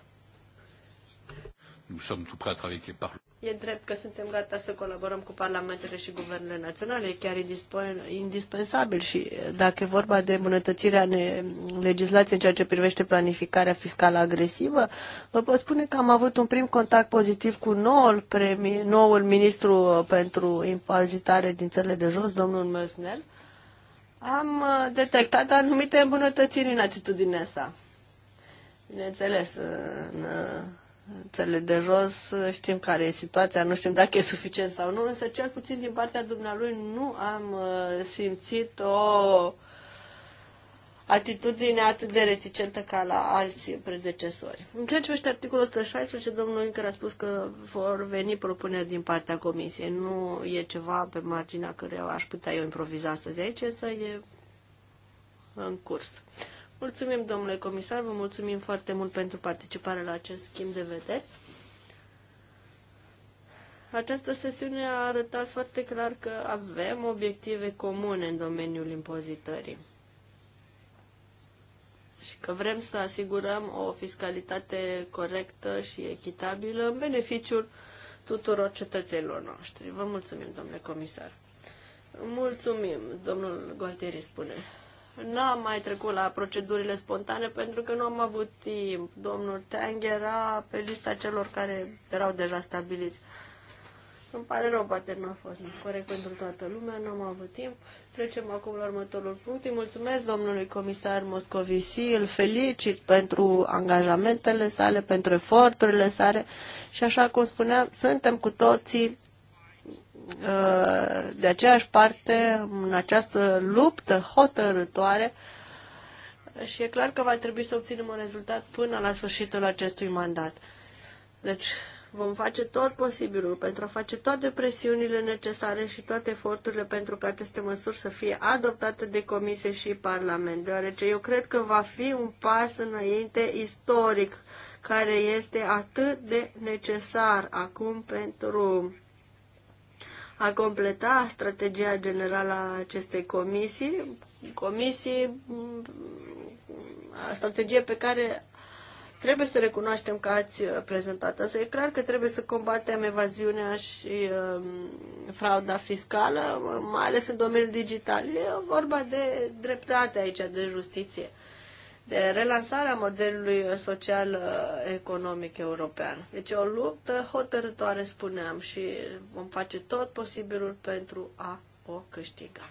Nous sommes tout prêts à travailler avec les parlements. E drept că suntem gata să colaborăm cu parlamentele și guvernele naționale, chiar indispensabil și eh, dacă e vorba de îmbunătățirea legislației în ceea ce privește planificarea fiscală agresivă, vă pot spune că am avut un prim contact pozitiv cu noul, premi, noul ministru eh, pentru impozitare din țările de jos, domnul Măsnel. Am eh, detectat anumite îmbunătățiri în atitudinea sa. Bineînțeles, în cele de jos, știm care e situația, nu știm dacă e suficient sau nu, însă cel puțin din partea dumnealui nu am uh, simțit o atitudine atât de reticentă ca la alții predecesori. În ceea ce privește articolul 116, domnul Incă a spus că vor veni propuneri din partea comisiei. Nu e ceva pe marginea căruia aș putea eu improviza astăzi aici, însă e în curs. Mulțumim, domnule comisar, vă mulțumim foarte mult pentru participare la acest schimb de vedere. Această sesiune a arătat foarte clar că avem obiective comune în domeniul impozitării și că vrem să asigurăm o fiscalitate corectă și echitabilă în beneficiul tuturor cetățenilor noștri. Vă mulțumim, domnule comisar. Mulțumim, domnul Gualtieri spune n-am mai trecut la procedurile spontane pentru că nu am avut timp. Domnul Tang era pe lista celor care erau deja stabiliți. Îmi pare rău, poate nu a fost corect pentru toată lumea, nu am avut timp. Trecem acum la următorul punct. Îi mulțumesc domnului comisar Moscovici, îl felicit pentru angajamentele sale, pentru eforturile sale și așa cum spuneam, suntem cu toții Uh, de aceeași parte în această luptă hotărătoare și e clar că va trebui să obținem un rezultat până la sfârșitul acestui mandat. Deci vom face tot posibilul pentru a face toate presiunile necesare și toate eforturile pentru ca aceste măsuri să fie adoptate de Comisie și Parlament, deoarece eu cred că va fi un pas înainte istoric care este atât de necesar acum pentru a completa strategia generală a acestei comisii, comisii, strategie pe care trebuie să recunoaștem că ați prezentat. Asta e clar că trebuie să combatem evaziunea și uh, frauda fiscală, mai ales în domeniul digital. E vorba de dreptate aici, de justiție de relansarea modelului social-economic uh, european. Deci o luptă hotărătoare, spuneam, și vom face tot posibilul pentru a o câștiga.